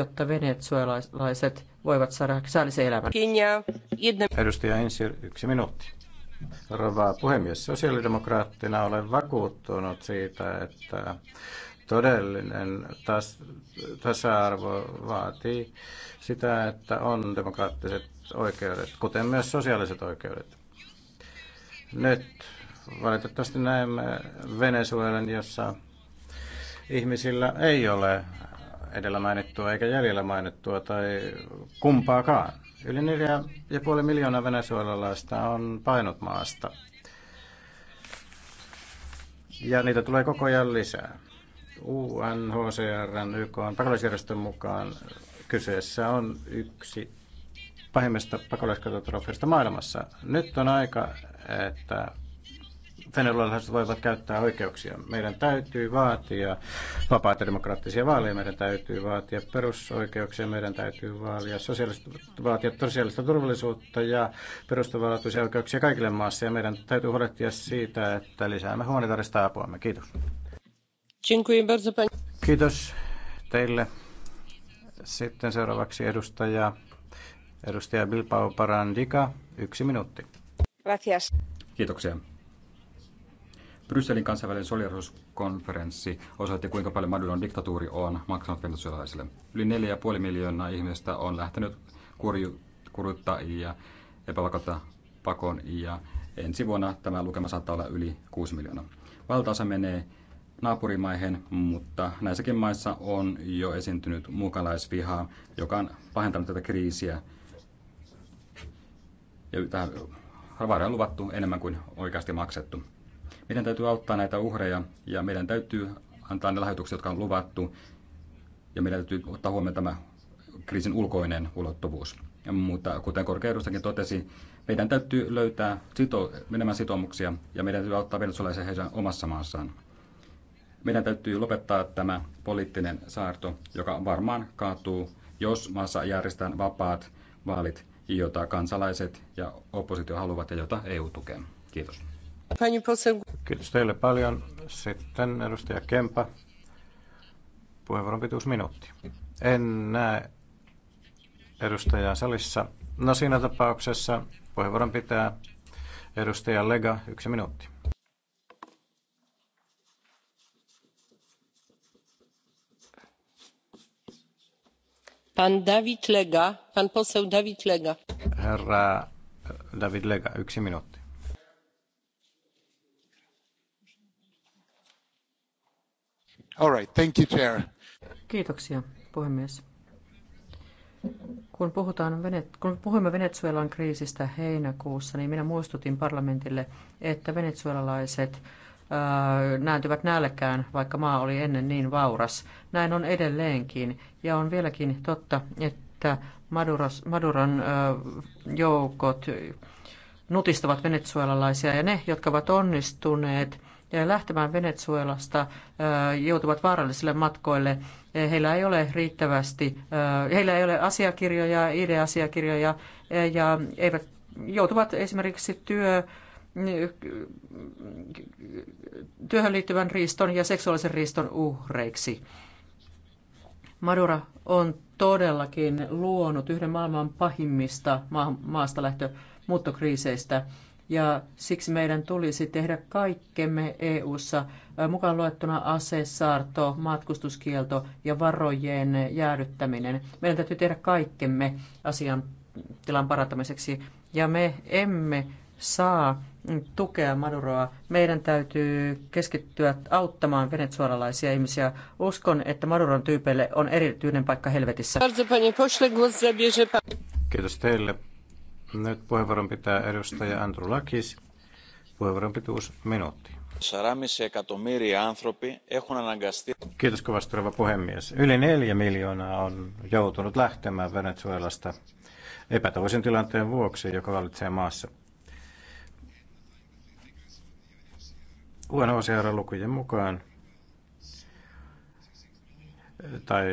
jotta venezuelalaiset voivat saada säällisen elämän. Edustaja Insir, yksi minuutti. Rova puhemies, sosiaalidemokraattina olen vakuuttunut siitä, että todellinen tas- tasa-arvo vaatii sitä, että on demokraattiset oikeudet, kuten myös sosiaaliset oikeudet. Nyt valitettavasti näemme Venezuelan, jossa ihmisillä ei ole edellä mainittua eikä jäljellä mainittua tai kumpaakaan. Yli 4,5 miljoonaa venezuelalaista on painut maasta. Ja niitä tulee koko ajan lisää. UNHCR, YK on pakolaisjärjestön mukaan kyseessä on yksi pahimmista pakolaiskatastrofeista maailmassa. Nyt on aika, että venezuelalaiset voivat käyttää oikeuksia. Meidän täytyy vaatia vapaita demokraattisia vaaleja, meidän täytyy vaatia perusoikeuksia, meidän täytyy vaalia sosiaalista, vaatia sosiaalista turvallisuutta ja perustavanlaatuisia oikeuksia kaikille maassa. Ja meidän täytyy huolehtia siitä, että lisäämme humanitaarista apuamme. Kiitos. Kiitos teille. Sitten seuraavaksi edustaja, edustaja Bilbao Parandika, yksi minuutti. Gracias. Kiitoksia. Brysselin kansainvälinen solidarisuuskonferenssi osoitti, kuinka paljon Maduron diktatuuri on maksanut venezuelalaisille. Yli 4,5 miljoonaa ihmistä on lähtenyt kurju, kuruttajia, epävakautta pakoon ja ensi vuonna tämä lukema saattaa olla yli 6 miljoonaa. Valtaosa menee naapurimaihin, mutta näissäkin maissa on jo esiintynyt muukalaisvihaa, joka on pahentanut tätä kriisiä. Ja tähän on luvattu enemmän kuin oikeasti maksettu. Meidän täytyy auttaa näitä uhreja ja meidän täytyy antaa ne lahjoitukset, jotka on luvattu. Ja meidän täytyy ottaa huomioon tämä kriisin ulkoinen ulottuvuus. Mutta kuten korkeudustakin totesi, meidän täytyy löytää sito, menemään sitoumuksia ja meidän täytyy auttaa venezuelaisia heidän omassa maassaan. Meidän täytyy lopettaa tämä poliittinen saarto, joka varmaan kaatuu, jos maassa järjestetään vapaat vaalit, joita kansalaiset ja oppositio haluavat ja jota EU tukee. Kiitos. Kiitos teille paljon. Sitten edustaja Kempa. Puheenvuoron pituus minuutti. En näe edustajaa salissa. No siinä tapauksessa puheenvuoron pitää edustaja Lega, yksi minuutti. Pan David Lega, pan poseł David Lega. Herra David Lega, yksi minuutti. All right, thank you, Chair. Kiitoksia, puhemies. Kun, puhutaan, kun puhumme Venezuelan kriisistä heinäkuussa, niin minä muistutin parlamentille, että venezuelalaiset äh, nääntyvät nälkään, vaikka maa oli ennen niin vauras. Näin on edelleenkin. Ja on vieläkin totta, että Maduros, Maduron äh, joukot nutistavat venezuelalaisia ja ne, jotka ovat onnistuneet ja lähtemään Venezuelasta joutuvat vaarallisille matkoille. E, heillä ei ole riittävästi, heillä ei ole asiakirjoja, ID-asiakirjoja e, ja eivät joutuvat esimerkiksi työ, työhön liittyvän riiston ja seksuaalisen riiston uhreiksi. Madura on todellakin luonut yhden maailman pahimmista maasta lähtö muuttokriiseistä ja siksi meidän tulisi tehdä kaikkemme EU:ssa mukaan luettuna asesaarto, matkustuskielto ja varojen jäädyttäminen. Meidän täytyy tehdä kaikkemme asian tilan parantamiseksi ja me emme saa tukea Maduroa. Meidän täytyy keskittyä auttamaan venezuelalaisia ihmisiä. Uskon, että Maduron tyypeille on erityinen paikka helvetissä. Kiitos teille. Nyt puheenvuoron pitää edustaja Andrew Lakis. Puheenvuoron pituus minuutti. Kiitos kovasti, rouva puhemies. Yli neljä miljoonaa on joutunut lähtemään Venezuelasta epätoivoisen tilanteen vuoksi, joka vallitsee maassa. UNHCR-lukujen mukaan tai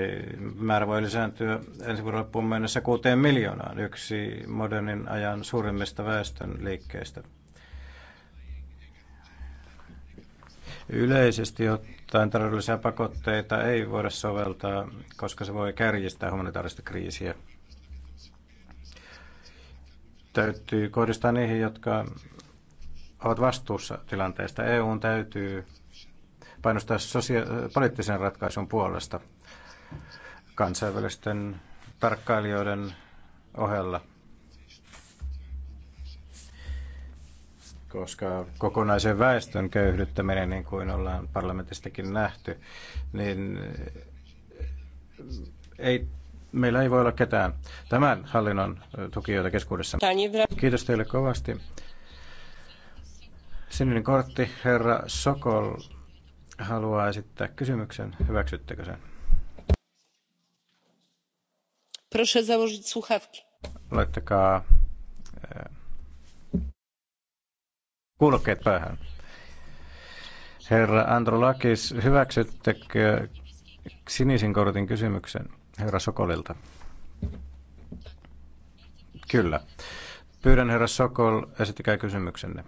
määrä voi lisääntyä ensi vuoden loppuun mennessä kuuteen miljoonaan, yksi modernin ajan suurimmista väestön liikkeistä. Yleisesti ottaen taloudellisia pakotteita ei voida soveltaa, koska se voi kärjistää humanitaarista kriisiä. Täytyy kohdistaa niihin, jotka ovat vastuussa tilanteesta. EUn täytyy painostaa sosia- poliittisen ratkaisun puolesta kansainvälisten tarkkailijoiden ohella, koska kokonaisen väestön köyhdyttäminen, niin kuin ollaan parlamentistakin nähty, niin ei, meillä ei voi olla ketään tämän hallinnon tukijoita keskuudessa. Kiitos teille kovasti. Sininen kortti, herra Sokol haluaa esittää kysymyksen. Hyväksyttekö sen? Proszę założyć słuchawki. Laittakaa kuulokkeet e, päähän. Herra Androlakis, hyväksyttekö sinisen kortin kysymyksen herra Sokolilta? Kyllä. Pyydän herra Sokol, esittäkää kysymyksenne.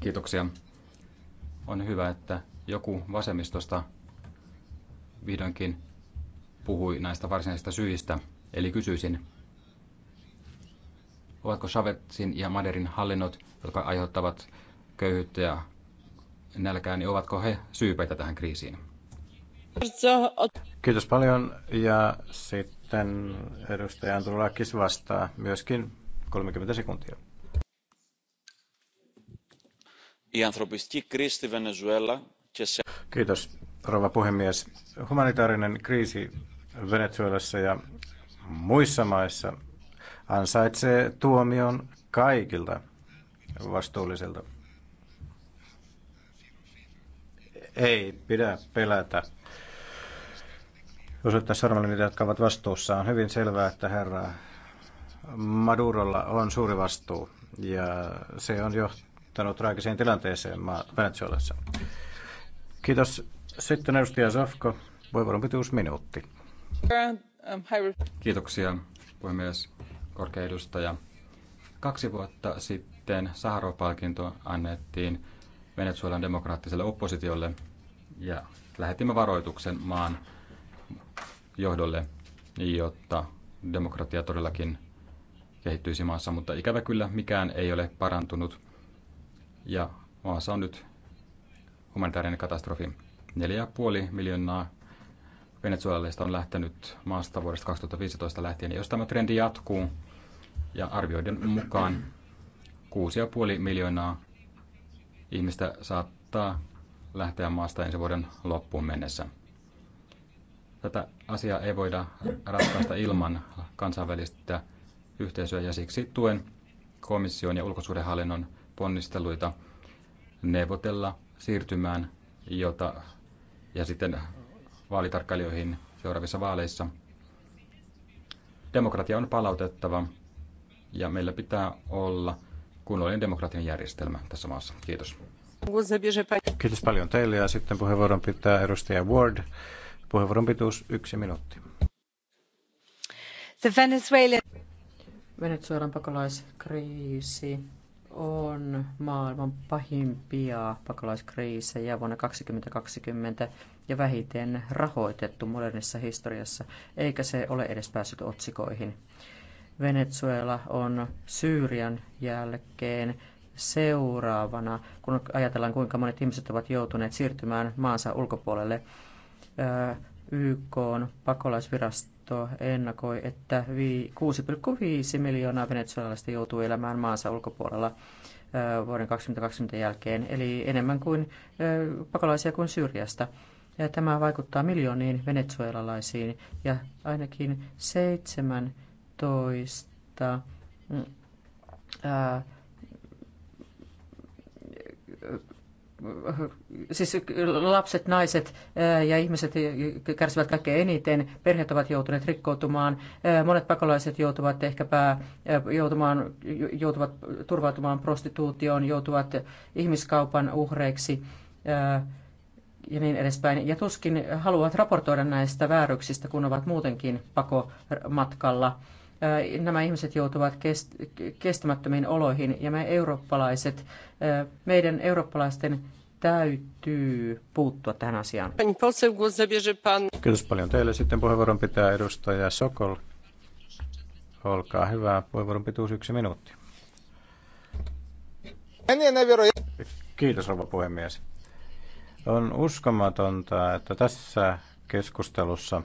Kiitoksia. On hyvä, että joku vasemmistosta vihdoinkin puhui näistä varsinaisista syistä. Eli kysyisin, ovatko Chavezin ja Maderin hallinnot, jotka aiheuttavat köyhyyttä ja nälkää, niin ovatko he syypäitä tähän kriisiin? Kiitos paljon. Ja sitten edustaja Antulakis vastaa myöskin 30 sekuntia. Kiitos, rouva puhemies. Humanitaarinen kriisi Venezuelassa ja muissa maissa ansaitsee tuomion kaikilta vastuullisilta. Ei pidä pelätä osoittaa sormella niitä, jotka ovat vastuussa. On hyvin selvää, että herra Madurolla on suuri vastuu ja se on johtanut traagiseen tilanteeseen Venezuelassa. Kiitos. Sitten edustaja Safko, puheenvuoron pituus minuutti. Kiitoksia puhemies, korkea edustaja. Kaksi vuotta sitten saharo palkinto annettiin Venezuelan demokraattiselle oppositiolle ja lähetimme varoituksen maan johdolle, jotta demokratia todellakin kehittyisi maassa, mutta ikävä kyllä mikään ei ole parantunut. Ja maassa on nyt humanitaarinen katastrofi. 4,5 miljoonaa venezuelalaista on lähtenyt maasta vuodesta 2015 lähtien. Ja jos tämä trendi jatkuu, ja arvioiden mukaan 6,5 miljoonaa ihmistä saattaa lähteä maasta ensi vuoden loppuun mennessä. Tätä asiaa ei voida ratkaista ilman kansainvälistä yhteisöä ja siksi tuen komission ja ulkosuhdehallinnon ponnisteluita neuvotella siirtymään, jota, ja sitten vaalitarkkailijoihin seuraavissa vaaleissa. Demokratia on palautettava ja meillä pitää olla kunnollinen demokratian järjestelmä tässä maassa. Kiitos. Kiitos paljon teille ja sitten puheenvuoron pitää edustaja Ward. Puheenvuoron pituus yksi minuutti. The Venezuelan pakolaiskriisi on maailman pahimpia pakolaiskriisejä vuonna 2020 ja vähiten rahoitettu modernissa historiassa, eikä se ole edes päässyt otsikoihin. Venezuela on Syyrian jälkeen seuraavana, kun ajatellaan kuinka monet ihmiset ovat joutuneet siirtymään maansa ulkopuolelle, YK on pakolaisvirasto Neuvosto ennakoi, että 6,5 miljoonaa venezuelalaista joutuu elämään maansa ulkopuolella vuoden 2020 jälkeen, eli enemmän kuin pakolaisia kuin Syyriasta. Ja tämä vaikuttaa miljooniin venezuelalaisiin ja ainakin 17 ää, mm, siis lapset, naiset ja ihmiset kärsivät kaikkein eniten, perheet ovat joutuneet rikkoutumaan, monet pakolaiset joutuvat ehkäpä joutumaan, joutuvat turvautumaan prostituutioon, joutuvat ihmiskaupan uhreiksi ja niin edespäin. Ja tuskin haluavat raportoida näistä vääryksistä, kun ovat muutenkin pakomatkalla nämä ihmiset joutuvat kestämättömiin oloihin ja me eurooppalaiset, meidän eurooppalaisten täytyy puuttua tähän asiaan. Kiitos paljon teille. Sitten puheenvuoron pitää edustaja Sokol. Olkaa hyvä. Puheenvuoron pituus yksi minuutti. Kiitos rouva puhemies. On uskomatonta, että tässä keskustelussa,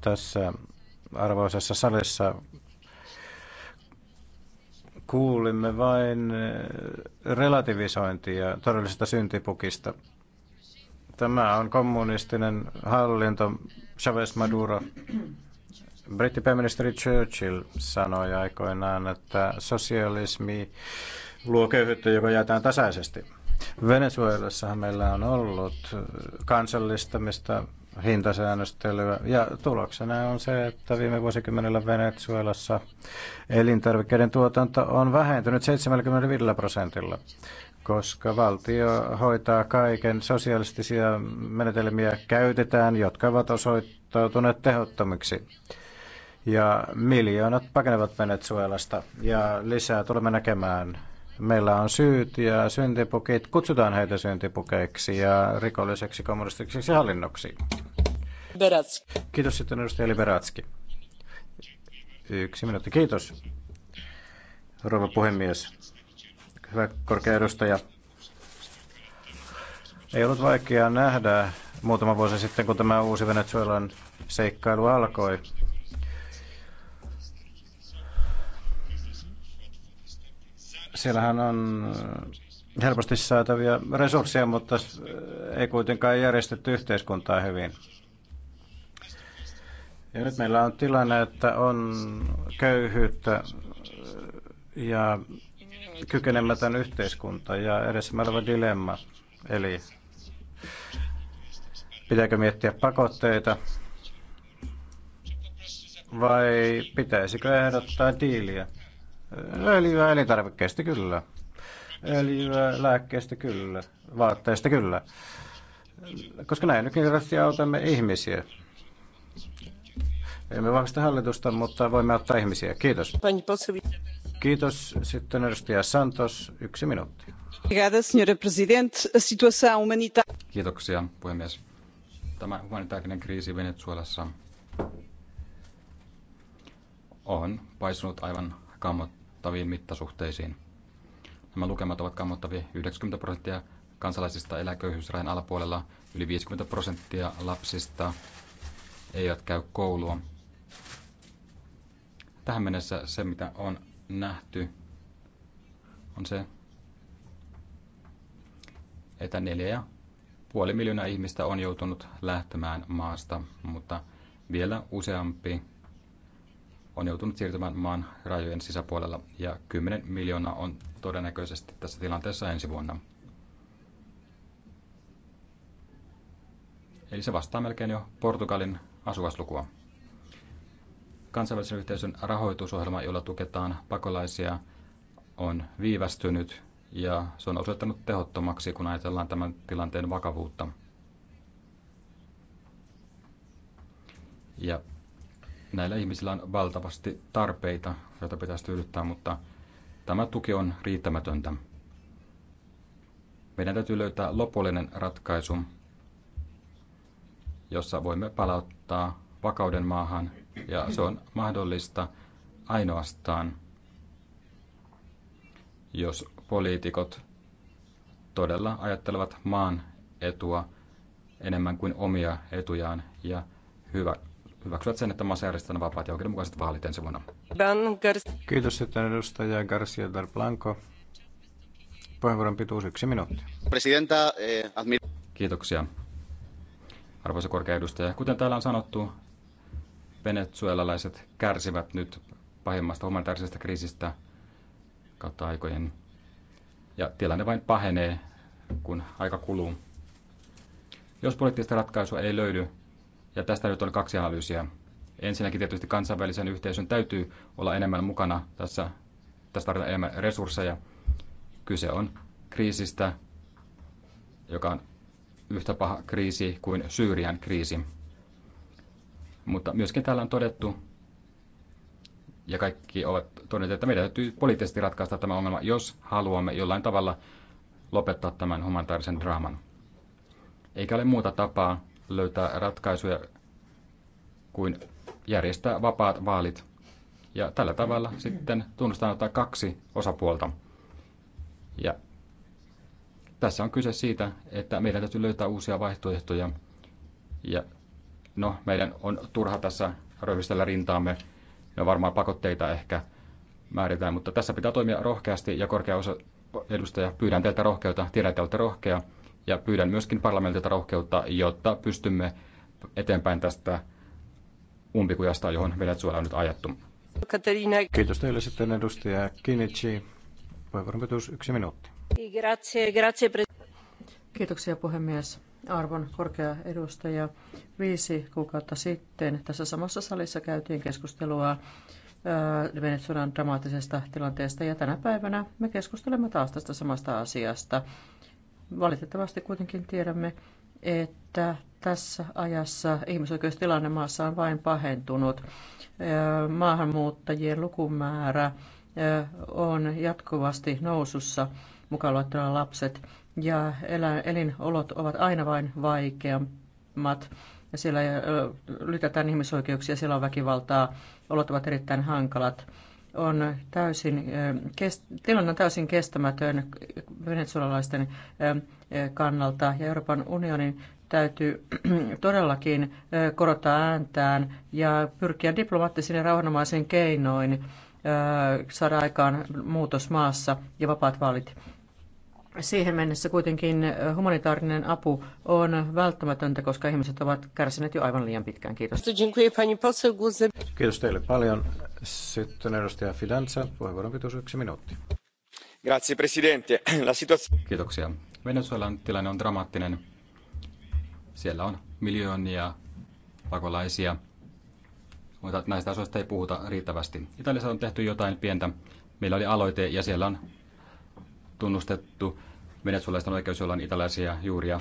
tässä arvoisessa salissa kuulimme vain eh, relativisointia todellisesta syntipukista. Tämä on kommunistinen hallinto, Chavez Maduro. pääministeri Churchill sanoi aikoinaan, että sosialismi luo köyhyyttä, joka jaetaan tasaisesti. Venezuelassahan meillä on ollut kansallistamista, hintasäännöstelyä. Ja tuloksena on se, että viime vuosikymmenellä Venezuelassa elintarvikkeiden tuotanto on vähentynyt 75 prosentilla, koska valtio hoitaa kaiken. Sosialistisia menetelmiä käytetään, jotka ovat osoittautuneet tehottomiksi. Ja miljoonat pakenevat Venezuelasta ja lisää tulemme näkemään meillä on syyt ja syntipukit, kutsutaan heitä syntipukeiksi ja rikolliseksi kommunistiseksi hallinnoksi. Liberatski. Kiitos sitten edustaja Liberatski. Yksi minuutti. Kiitos, rouva puhemies. Hyvä korkea edustaja. Ei ollut vaikeaa nähdä muutama vuosi sitten, kun tämä uusi Venezuelan seikkailu alkoi. Siellähän on helposti saatavia resursseja, mutta ei kuitenkaan järjestetty yhteiskuntaa hyvin. Ja nyt meillä on tilanne, että on köyhyyttä ja kykenemätön yhteiskunta ja edessämme oleva dilemma. Eli pitääkö miettiä pakotteita vai pitäisikö ehdottaa diiliä? Öljyä elintarvikkeista kyllä. Öljyä lääkkeistä kyllä. Vaatteista kyllä. Koska näin nykyisesti autamme ihmisiä. Emme vahvista hallitusta, mutta voimme auttaa ihmisiä. Kiitos. Kiitos. Sitten edustaja Santos, yksi minuutti. Kiitoksia, puhemies. Tämä humanitaarinen kriisi Venezuelassa on paisunut aivan kammottaviin mittasuhteisiin. Nämä lukemat ovat kammottavia. 90 prosenttia kansalaisista eläköyhyysrajan alapuolella, yli 50 prosenttia lapsista eivät käy koulua Tähän mennessä se, mitä on nähty, on se, että neljä ja puoli miljoonaa ihmistä on joutunut lähtemään maasta, mutta vielä useampi on joutunut siirtymään maan rajojen sisäpuolella ja 10 miljoonaa on todennäköisesti tässä tilanteessa ensi vuonna. Eli se vastaa melkein jo Portugalin asukaslukua kansainvälisen yhteisön rahoitusohjelma, jolla tuketaan pakolaisia, on viivästynyt ja se on osoittanut tehottomaksi, kun ajatellaan tämän tilanteen vakavuutta. Ja näillä ihmisillä on valtavasti tarpeita, joita pitäisi tyydyttää, mutta tämä tuki on riittämätöntä. Meidän täytyy löytää lopullinen ratkaisu, jossa voimme palauttaa vakauden maahan ja se on mahdollista ainoastaan, jos poliitikot todella ajattelevat maan etua enemmän kuin omia etujaan ja hyvä, hyväksyvät sen, että maassa järjestetään vapaat ja oikeudenmukaiset vaalit ensi vuonna. Kiitos että edustaja Garcia del Blanco. Puheenvuoron pituus yksi minuutti. Presidenta, eh, Kiitoksia. Arvoisa korkea edustaja, kuten täällä on sanottu, venezuelalaiset kärsivät nyt pahimmasta humanitaarisesta kriisistä kautta aikojen. Ja tilanne vain pahenee, kun aika kuluu. Jos poliittista ratkaisua ei löydy, ja tästä nyt on kaksi analyysiä. Ensinnäkin tietysti kansainvälisen yhteisön täytyy olla enemmän mukana tässä, tässä tarvitaan enemmän resursseja. Kyse on kriisistä, joka on yhtä paha kriisi kuin Syyrian kriisi. Mutta myöskin täällä on todettu, ja kaikki ovat todenneet, että meidän täytyy poliittisesti ratkaista tämä ongelma, jos haluamme jollain tavalla lopettaa tämän humanitaarisen draaman. Eikä ole muuta tapaa löytää ratkaisuja kuin järjestää vapaat vaalit. Ja tällä tavalla sitten tunnustaan ottaa kaksi osapuolta. Ja tässä on kyse siitä, että meidän täytyy löytää uusia vaihtoehtoja. Ja No, meidän on turha tässä röyhistellä rintaamme ja varmaan pakotteita ehkä määritään, mutta tässä pitää toimia rohkeasti ja korkea osa edustaja, pyydän teiltä rohkeutta, tiedän teiltä rohkea ja pyydän myöskin parlamentilta rohkeutta, jotta pystymme eteenpäin tästä umpikujasta, johon Venezuela on nyt ajattu. Katerina. Kiitos teille sitten edustaja Kinichi. Puheenvuoron yksi minuutti. Kiitoksia puhemies arvon korkea edustaja. Viisi kuukautta sitten tässä samassa salissa käytiin keskustelua äh, Venezuelan dramaattisesta tilanteesta ja tänä päivänä me keskustelemme taas tästä samasta asiasta. Valitettavasti kuitenkin tiedämme, että tässä ajassa ihmisoikeustilanne maassa on vain pahentunut. Äh, maahanmuuttajien lukumäärä äh, on jatkuvasti nousussa, mukaan luettuna lapset ja elinolot ovat aina vain vaikeammat. Ja siellä lytätään ihmisoikeuksia, siellä on väkivaltaa, olot ovat erittäin hankalat. On täysin, tilanne on täysin kestämätön venezuelalaisten kannalta ja Euroopan unionin täytyy todellakin korottaa ääntään ja pyrkiä diplomaattisiin ja rauhanomaisiin keinoin saada aikaan muutos maassa ja vapaat vaalit. Siihen mennessä kuitenkin humanitaarinen apu on välttämätöntä, koska ihmiset ovat kärsineet jo aivan liian pitkään. Kiitos. Kiitos teille paljon. Sitten edustaja Fidanza, puheenvuoron pituus yksi minuutti. Grazie, presidente. La situazio... Kiitoksia. Venezuelan tilanne on dramaattinen. Siellä on miljoonia pakolaisia, mutta näistä asioista ei puhuta riittävästi. Italiassa on tehty jotain pientä. Meillä oli aloite ja siellä on tunnustettu venezuelalaisten oikeus, jolla on italaisia juuria.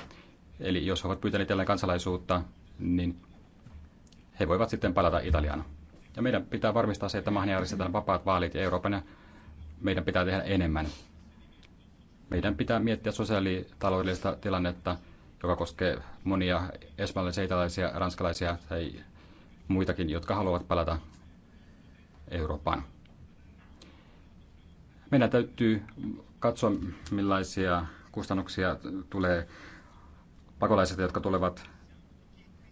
Eli jos he ovat pyytäneet jälleen kansalaisuutta, niin he voivat sitten palata Italiaan. Ja meidän pitää varmistaa se, että maahan järjestetään vapaat vaalit ja Euroopan meidän pitää tehdä enemmän. Meidän pitää miettiä sosiaalitaloudellista tilannetta, joka koskee monia espanjalaisia, italaisia, ranskalaisia tai muitakin, jotka haluavat palata Eurooppaan. Meidän täytyy katsoa, millaisia kustannuksia tulee pakolaiset, jotka tulevat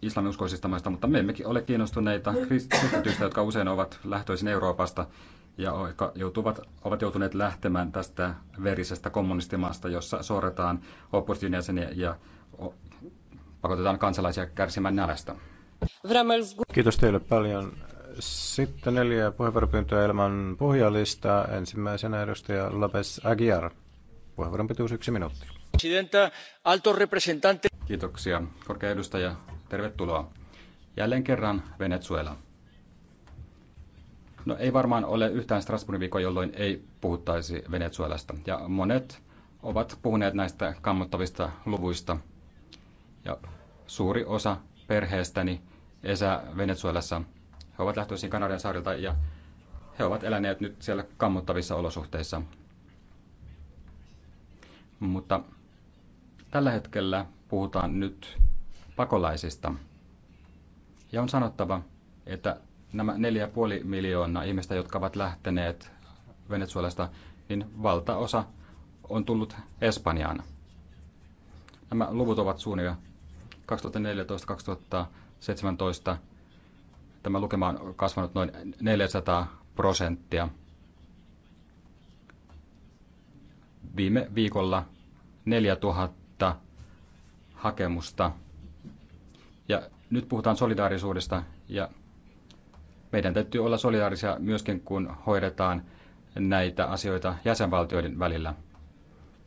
islaminuskoisista maista, mutta me emmekin ole kiinnostuneita kristityistä, jotka usein ovat lähtöisin Euroopasta ja joutuvat, ovat joutuneet lähtemään tästä verisestä kommunistimaasta, jossa sorretaan opposition jäseniä ja pakotetaan kansalaisia kärsimään nälästä. Kiitos teille paljon. Sitten neljä puheenvuoropyyntöä ilman puhujalistaa. Ensimmäisenä edustaja Lopes Aguiar. Puheenvuoron pituus yksi minuutti. Kiitoksia. Korkea edustaja, tervetuloa. Jälleen kerran Venezuela. No ei varmaan ole yhtään Strasbourgin viikkoa, jolloin ei puhuttaisi Venezuelasta. Ja monet ovat puhuneet näistä kammottavista luvuista. Ja suuri osa perheestäni esää Venezuelassa – he ovat lähtöisin Kanadan saarilta ja he ovat eläneet nyt siellä kammottavissa olosuhteissa. Mutta tällä hetkellä puhutaan nyt pakolaisista. Ja on sanottava, että nämä 4,5 miljoonaa ihmistä, jotka ovat lähteneet Venezuelasta, niin valtaosa on tullut Espanjaan. Nämä luvut ovat suunnilleen 2014-2017 tämä lukema on kasvanut noin 400 prosenttia. Viime viikolla 4000 hakemusta. Ja nyt puhutaan solidaarisuudesta ja meidän täytyy olla solidaarisia myöskin, kun hoidetaan näitä asioita jäsenvaltioiden välillä.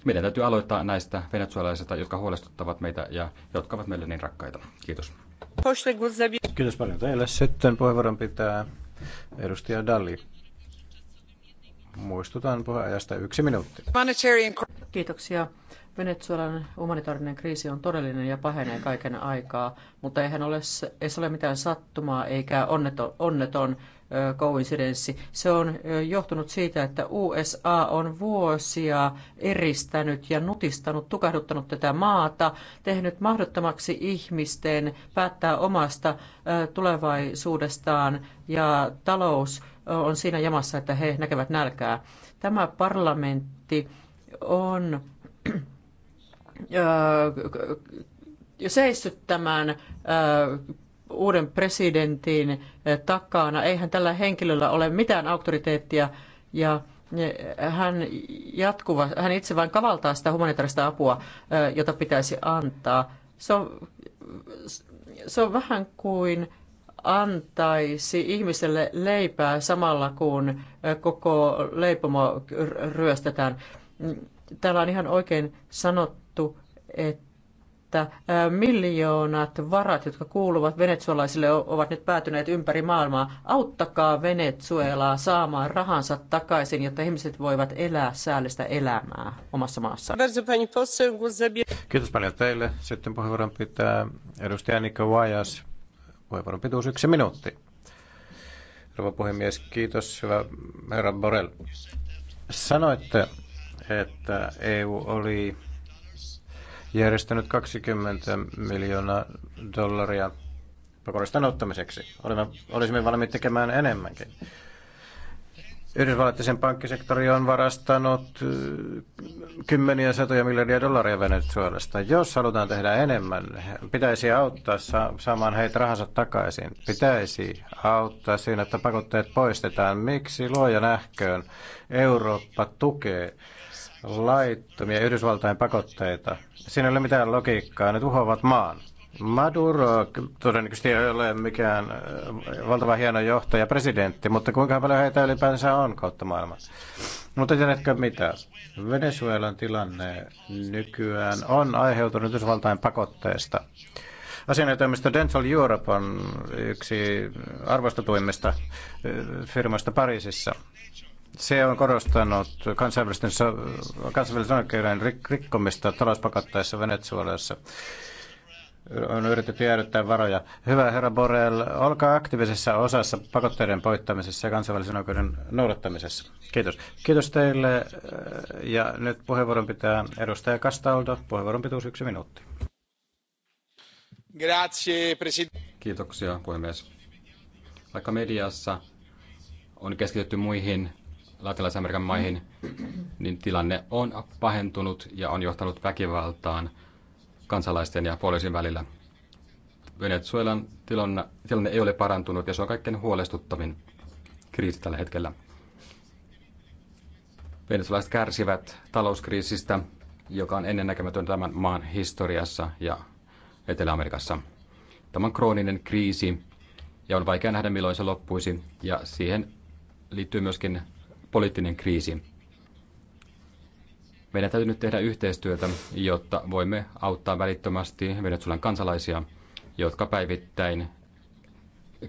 Meidän täytyy aloittaa näistä venezuelalaisista, jotka huolestuttavat meitä ja jotka ovat meille niin rakkaita. Kiitos. Kiitos paljon teille. Sitten puheenvuoron pitää edustaja Dalli. Muistutan puheenajasta yksi minuutti. Kiitoksia. Venezuelan humanitaarinen kriisi on todellinen ja pahenee kaiken aikaa, mutta eihän ole, ei se ole mitään sattumaa eikä onneton. onneton koinsidenssi. Se on johtunut siitä, että USA on vuosia eristänyt ja nutistanut, tukahduttanut tätä maata, tehnyt mahdottomaksi ihmisten päättää omasta tulevaisuudestaan ja talous on siinä jamassa, että he näkevät nälkää. Tämä parlamentti on seissyt tämän uuden presidentin eh, takana. Eihän tällä henkilöllä ole mitään auktoriteettia ja eh, hän, jatkuva, hän itse vain kavaltaa sitä humanitaarista apua, eh, jota pitäisi antaa. Se on, se on vähän kuin antaisi ihmiselle leipää samalla kun koko leipomo ryöstetään. Täällä on ihan oikein sanottu, että että miljoonat varat, jotka kuuluvat venezuelaisille, ovat nyt päätyneet ympäri maailmaa. Auttakaa Venezuelaa saamaan rahansa takaisin, jotta ihmiset voivat elää säällistä elämää omassa maassaan. Kiitos paljon teille. Sitten puheenvuoron pitää edustaja Annika Vajas. Puheenvuoron pituus yksi minuutti. Rouva puhemies, kiitos. Hyvä herra Borel. Sanoitte, että EU oli järjestänyt 20 miljoonaa dollaria pakolaisten auttamiseksi. Olemme, olisimme valmiit tekemään enemmänkin. Yhdysvaltain pankkisektori on varastanut äh, kymmeniä satoja miljardia dollaria Venezuelasta. Jos halutaan tehdä enemmän, pitäisi auttaa saamaan heitä rahansa takaisin. Pitäisi auttaa siinä, että pakotteet poistetaan. Miksi luoja nähköön Eurooppa tukee laittomia Yhdysvaltain pakotteita. Siinä ei ole mitään logiikkaa, ne tuhoavat maan. Maduro todennäköisesti ei ole mikään äh, valtava hieno johtaja, presidentti, mutta kuinka paljon heitä ylipäänsä on kautta maailman. Mutta tiedätkö mitä? Venezuelan tilanne nykyään on aiheutunut Yhdysvaltain pakotteesta. Asianajotoimisto Dental Europe on yksi arvostetuimmista äh, firmoista Pariisissa. Se on korostanut kansainvälisen, kansainvälisen oikeuden rikkomista talouspakattaessa Venezuelassa on yritetty jäädyttää varoja. Hyvä herra Borrell, olkaa aktiivisessa osassa pakotteiden poittamisessa ja kansainvälisen oikeuden noudattamisessa. Kiitos. Kiitos teille. Äh, ja nyt puheenvuoron pitää edustaja Castaldo. Puheenvuoron pituus yksi minuutti. Grazie, Kiitoksia, puhemies. Vaikka mediassa on keskitytty muihin Latinalais-Amerikan maihin, niin tilanne on pahentunut ja on johtanut väkivaltaan kansalaisten ja poliisin välillä. Venezuelan tilanne, tilanne ei ole parantunut ja se on kaikkein huolestuttavin kriisi tällä hetkellä. Venezuelaiset kärsivät talouskriisistä, joka on ennennäkemätön tämän maan historiassa ja Etelä-Amerikassa. Tämä on krooninen kriisi ja on vaikea nähdä milloin se loppuisi ja siihen liittyy myöskin poliittinen kriisi. Meidän täytyy nyt tehdä yhteistyötä, jotta voimme auttaa välittömästi Venezuelan kansalaisia, jotka päivittäin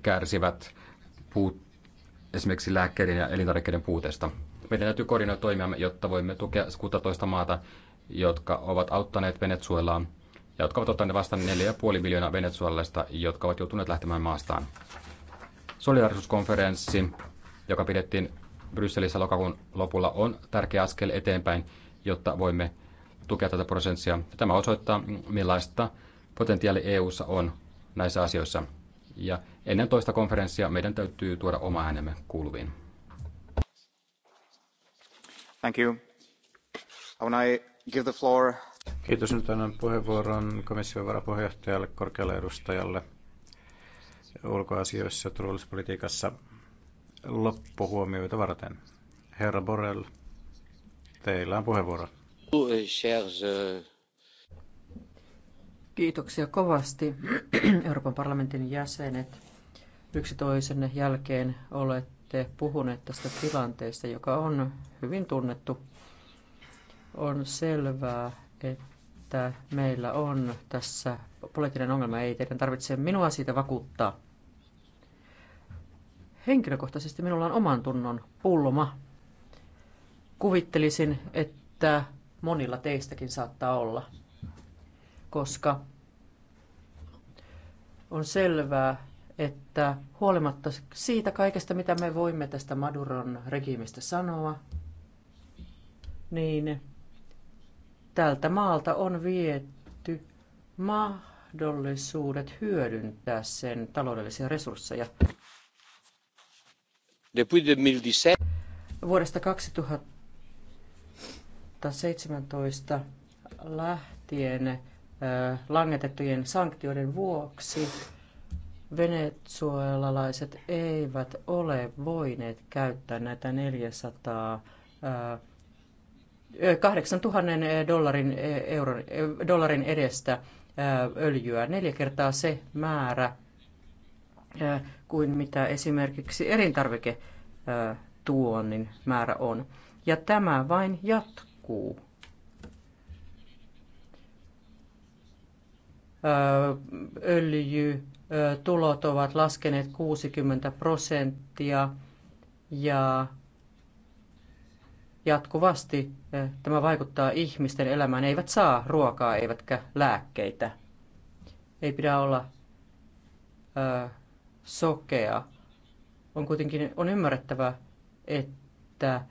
kärsivät puut, esimerkiksi lääkkeiden ja elintarvikkeiden puutesta. Meidän täytyy koordinoida toimiamme, jotta voimme tukea 16 maata, jotka ovat auttaneet Venezuelaa ja jotka ovat ottaneet vasta 4,5 miljoonaa venezuelalaista, jotka ovat joutuneet lähtemään maastaan. Solidarisuuskonferenssi, joka pidettiin Brysselissä lokakuun lopulla on tärkeä askel eteenpäin, jotta voimme tukea tätä prosenttia. Tämä osoittaa, millaista potentiaali EU:ssa on näissä asioissa. Ja ennen toista konferenssia meidän täytyy tuoda oma äänemme kuuluviin. Thank you. I give the floor. Kiitos. Nyt annan puheenvuoron komission varapuheenjohtajalle, korkealle edustajalle ulkoasioissa ja turvallisuuspolitiikassa loppuhuomioita varten. Herra Borrell, teillä on puheenvuoro. Kiitoksia kovasti Euroopan parlamentin jäsenet. Yksi toisen jälkeen olette puhuneet tästä tilanteesta, joka on hyvin tunnettu. On selvää, että meillä on tässä poliittinen ongelma. Ei teidän tarvitse minua siitä vakuuttaa. Henkilökohtaisesti minulla on oman tunnon pulma. Kuvittelisin, että monilla teistäkin saattaa olla, koska on selvää, että huolimatta siitä kaikesta, mitä me voimme tästä Maduron regiimistä sanoa, niin tältä maalta on vietty mahdollisuudet hyödyntää sen taloudellisia resursseja. Vuodesta 2017 lähtien langetettujen sanktioiden vuoksi venezuelalaiset eivät ole voineet käyttää näitä 400 8000 dollarin, e, euron, e, dollarin edestä öljyä, neljä kertaa se määrä, kuin mitä esimerkiksi elintarviketuonnin määrä on. Ja tämä vain jatkuu. Öljy, tulot ovat laskeneet 60 prosenttia ja jatkuvasti tämä vaikuttaa ihmisten elämään. Ne eivät saa ruokaa eivätkä lääkkeitä. Ei pidä olla sokea. On kuitenkin on ymmärrettävä, että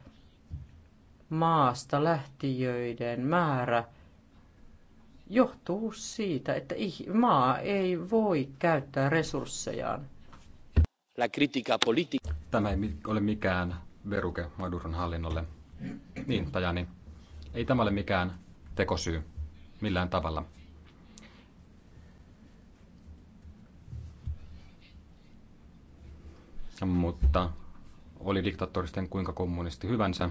maasta lähtijöiden määrä johtuu siitä, että maa ei voi käyttää resurssejaan. Tämä ei ole mikään veruke Maduron hallinnolle. Niin, Tajani, ei tämä ole mikään tekosyy millään tavalla. mutta oli diktaattoristen kuinka kommunisti hyvänsä,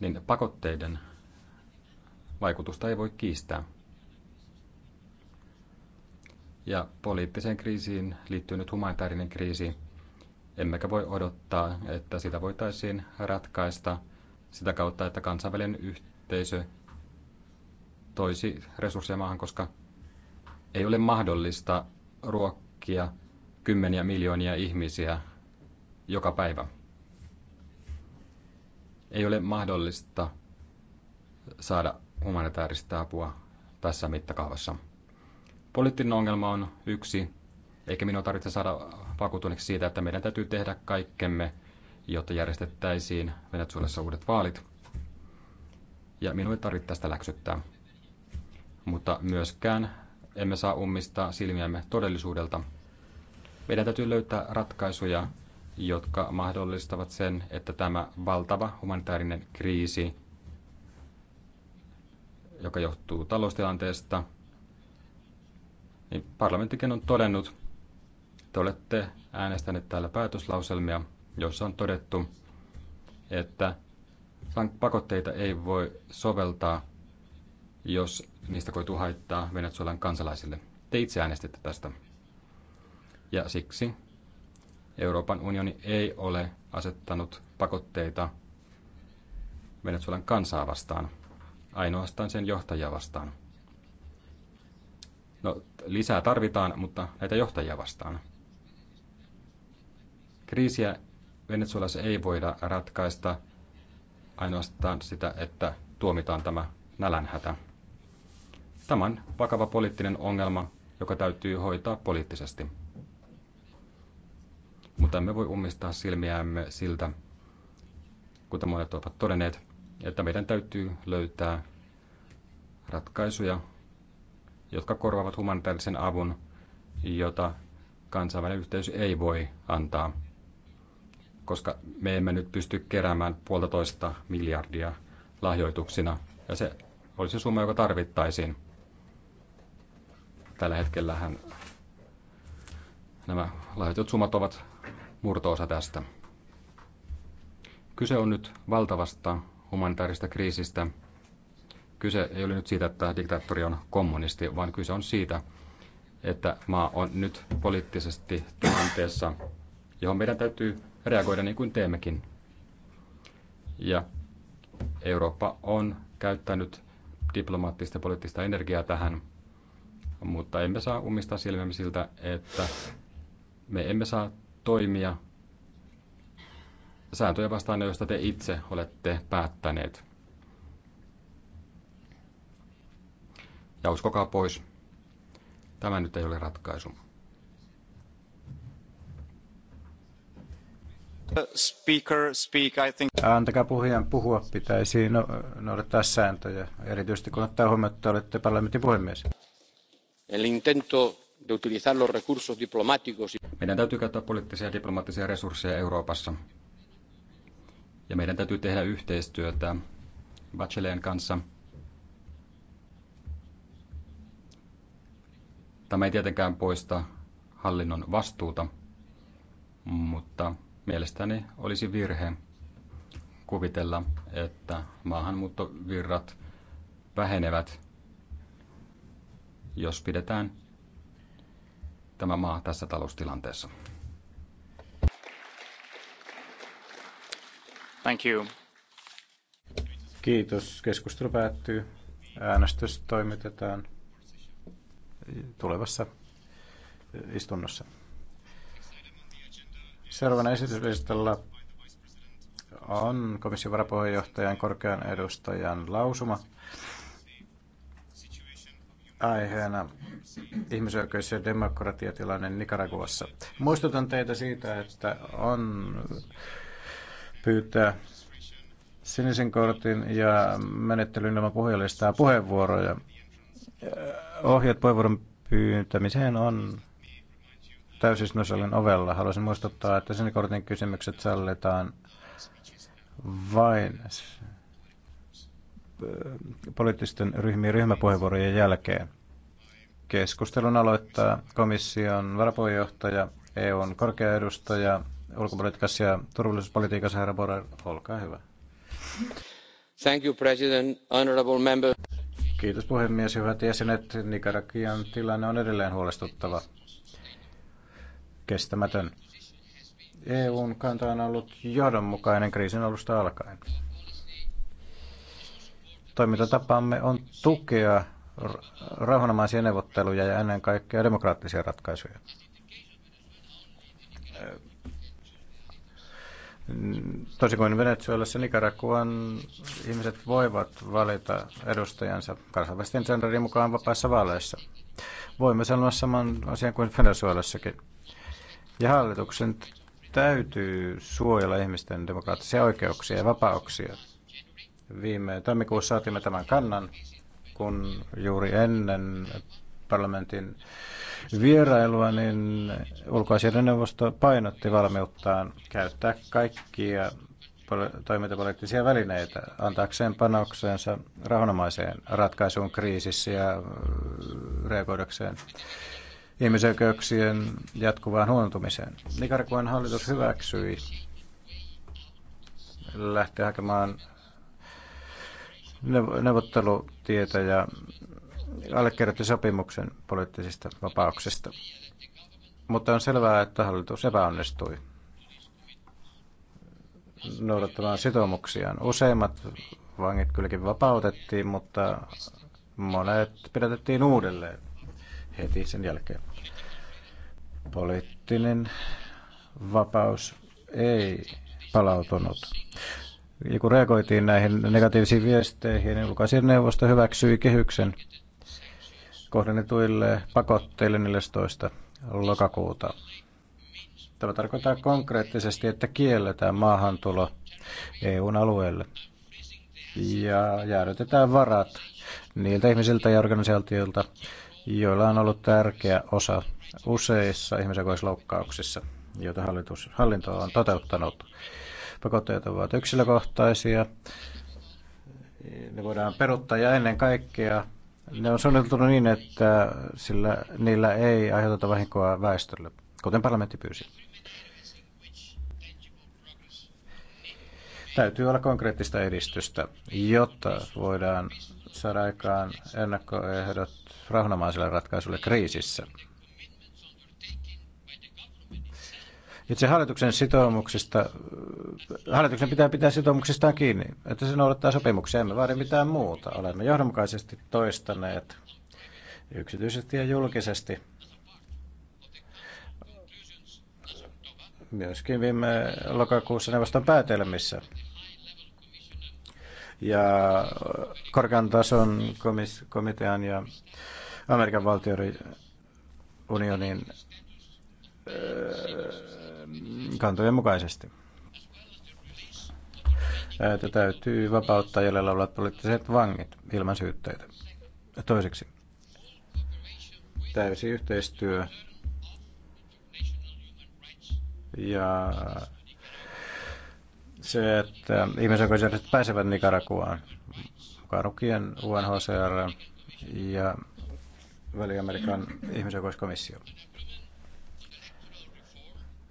niin pakotteiden vaikutusta ei voi kiistää. Ja poliittiseen kriisiin liittyy nyt humanitaarinen kriisi, emmekä voi odottaa, että sitä voitaisiin ratkaista sitä kautta, että kansainvälinen yhteisö toisi resursseja maahan, koska ei ole mahdollista ruokkia kymmeniä miljoonia ihmisiä joka päivä. Ei ole mahdollista saada humanitaarista apua tässä mittakaavassa. Poliittinen ongelma on yksi, eikä minua tarvitse saada vakuutuneeksi siitä, että meidän täytyy tehdä kaikkemme, jotta järjestettäisiin Venezuelassa uudet vaalit. Ja minua ei tarvitse tästä läksyttää. Mutta myöskään emme saa ummistaa silmiämme todellisuudelta – meidän täytyy löytää ratkaisuja, jotka mahdollistavat sen, että tämä valtava humanitaarinen kriisi, joka johtuu taloustilanteesta, niin parlamenttikin on todennut, te olette äänestäneet täällä päätöslauselmia, joissa on todettu, että pakotteita ei voi soveltaa, jos niistä koituu haittaa Venezuelan kansalaisille. Te itse äänestitte tästä. Ja siksi Euroopan unioni ei ole asettanut pakotteita Venezuelan kansaa vastaan, ainoastaan sen johtajia vastaan. No, lisää tarvitaan, mutta näitä johtajia vastaan. Kriisiä Venezuelassa ei voida ratkaista ainoastaan sitä, että tuomitaan tämä nälänhätä. Tämä on vakava poliittinen ongelma, joka täytyy hoitaa poliittisesti. Mutta emme voi ummistaa silmiämme siltä, kuten monet ovat todenneet, että meidän täytyy löytää ratkaisuja, jotka korvaavat humanitaarisen avun, jota kansainvälinen yhteisö ei voi antaa, koska me emme nyt pysty keräämään puolitoista miljardia lahjoituksina, ja se olisi summa, joka tarvittaisiin. Tällä hetkellähän nämä lahjoitut summat ovat murtoosa tästä. Kyse on nyt valtavasta humanitaarista kriisistä. Kyse ei ole nyt siitä, että diktaattori on kommunisti, vaan kyse on siitä, että maa on nyt poliittisesti tilanteessa, johon meidän täytyy reagoida niin kuin teemmekin. Ja Eurooppa on käyttänyt diplomaattista ja poliittista energiaa tähän, mutta emme saa umistaa silmämme siltä, että me emme saa toimia sääntöjä vastaan, joista te itse olette päättäneet. Ja uskokaa pois, tämä nyt ei ole ratkaisu. Speaker, speak, I think. Antakaa puhujan puhua, pitäisi no, noudattaa sääntöjä, erityisesti kun ottaa huomioon, että olette parlamentin puhemies. El intento de utilizar los recursos diplomáticos. Meidän täytyy käyttää poliittisia ja diplomaattisia resursseja Euroopassa. Ja meidän täytyy tehdä yhteistyötä Bacheleen kanssa. Tämä ei tietenkään poista hallinnon vastuuta, mutta mielestäni olisi virhe kuvitella, että maahanmuuttovirrat vähenevät, jos pidetään tämä maa tässä taloustilanteessa. Thank you. Kiitos. Keskustelu päättyy. Äänestys toimitetaan tulevassa istunnossa. Seuraavana esityslistalla on komission varapuheenjohtajan korkean edustajan lausuma aiheena ihmisoikeus- ja demokratiatilanne Nicaraguassa. Muistutan teitä siitä, että on pyytää sinisen kortin ja menettelyn ilman puhujalistaa puheenvuoroja. Ohjeet puheenvuoron pyytämiseen on täysistunnosalin ovella. Haluaisin muistuttaa, että sinisen kortin kysymykset sallitaan vain Äh, poliittisten ryhmien ryhmäpuheenvuorojen jälkeen. Keskustelun aloittaa komission varapuheenjohtaja, EUn korkea edustaja, ulkopolitiikassa ja turvallisuuspolitiikassa herra Borrell, olkaa hyvä. Thank you, President, honorable member. Kiitos puhemies, hyvät jäsenet. Nicaragian tilanne on edelleen huolestuttava, kestämätön. EUn kanta on ollut johdonmukainen kriisin alusta alkaen. Toimintatapamme on tukea rauhanomaisia neuvotteluja ja ennen kaikkea demokraattisia ratkaisuja. Toisin kuin Venezuelassa Nicaraguan ihmiset voivat valita edustajansa kansainvälisten standardien mukaan vapaissa vaaleissa. Voimme sanoa saman asian kuin Venezuelassakin. Ja hallituksen täytyy suojella ihmisten demokraattisia oikeuksia ja vapauksia. Viime tammikuussa saatimme tämän kannan, kun juuri ennen parlamentin vierailua, niin ulkoasioiden neuvosto painotti valmiuttaan käyttää kaikkia toimintapoliittisia välineitä antaakseen panokseensa rauhanomaiseen ratkaisuun kriisissä ja reagoidakseen ihmisoikeuksien jatkuvaan huonontumiseen. Nicaraguan hallitus hyväksyi lähteä hakemaan neuvottelutietä ja allekirjoitti sopimuksen poliittisista vapauksista. Mutta on selvää, että hallitus epäonnistui noudattamaan sitoumuksiaan. Useimmat vangit kylläkin vapautettiin, mutta monet pidätettiin uudelleen heti sen jälkeen. Poliittinen vapaus ei palautunut ja kun reagoitiin näihin negatiivisiin viesteihin, niin ulkoasian neuvosto hyväksyi kehyksen kohdennetuille pakotteille 14. lokakuuta. Tämä tarkoittaa konkreettisesti, että kielletään maahantulo EUn alueelle ja jäädytetään varat niiltä ihmisiltä ja organisaatioilta, joilla on ollut tärkeä osa useissa ihmisoikeusloukkauksissa, joita hallitus, hallinto on toteuttanut. Pakotteet ovat yksilökohtaisia, ne voidaan peruttaa ja ennen kaikkea ne on suunniteltu niin, että sillä, niillä ei aiheuteta vahinkoa väestölle, kuten parlamentti pyysi. Täytyy olla konkreettista edistystä, jotta voidaan saada aikaan ennakkoehdot rauhanomaiselle ratkaisulle kriisissä. Itse hallituksen sitoumuksista, hallituksen pitää pitää sitoumuksistaan kiinni, että se noudattaa sopimuksia, emme vaadi mitään muuta. Olemme johdonmukaisesti toistaneet yksityisesti ja julkisesti myöskin viime lokakuussa neuvoston päätelmissä. Ja korkean tason komis- komitean ja Amerikan valtioiden unionin öö, kantojen mukaisesti. Että täytyy vapauttaa jäljellä olevat poliittiset vangit ilman syytteitä. Toiseksi, täysi yhteistyö ja se, että ihmisoikeusjärjestöt pääsevät Nicaraguaan, mukaan lukien UNHCR ja Väli-Amerikan ihmisoikeuskomissio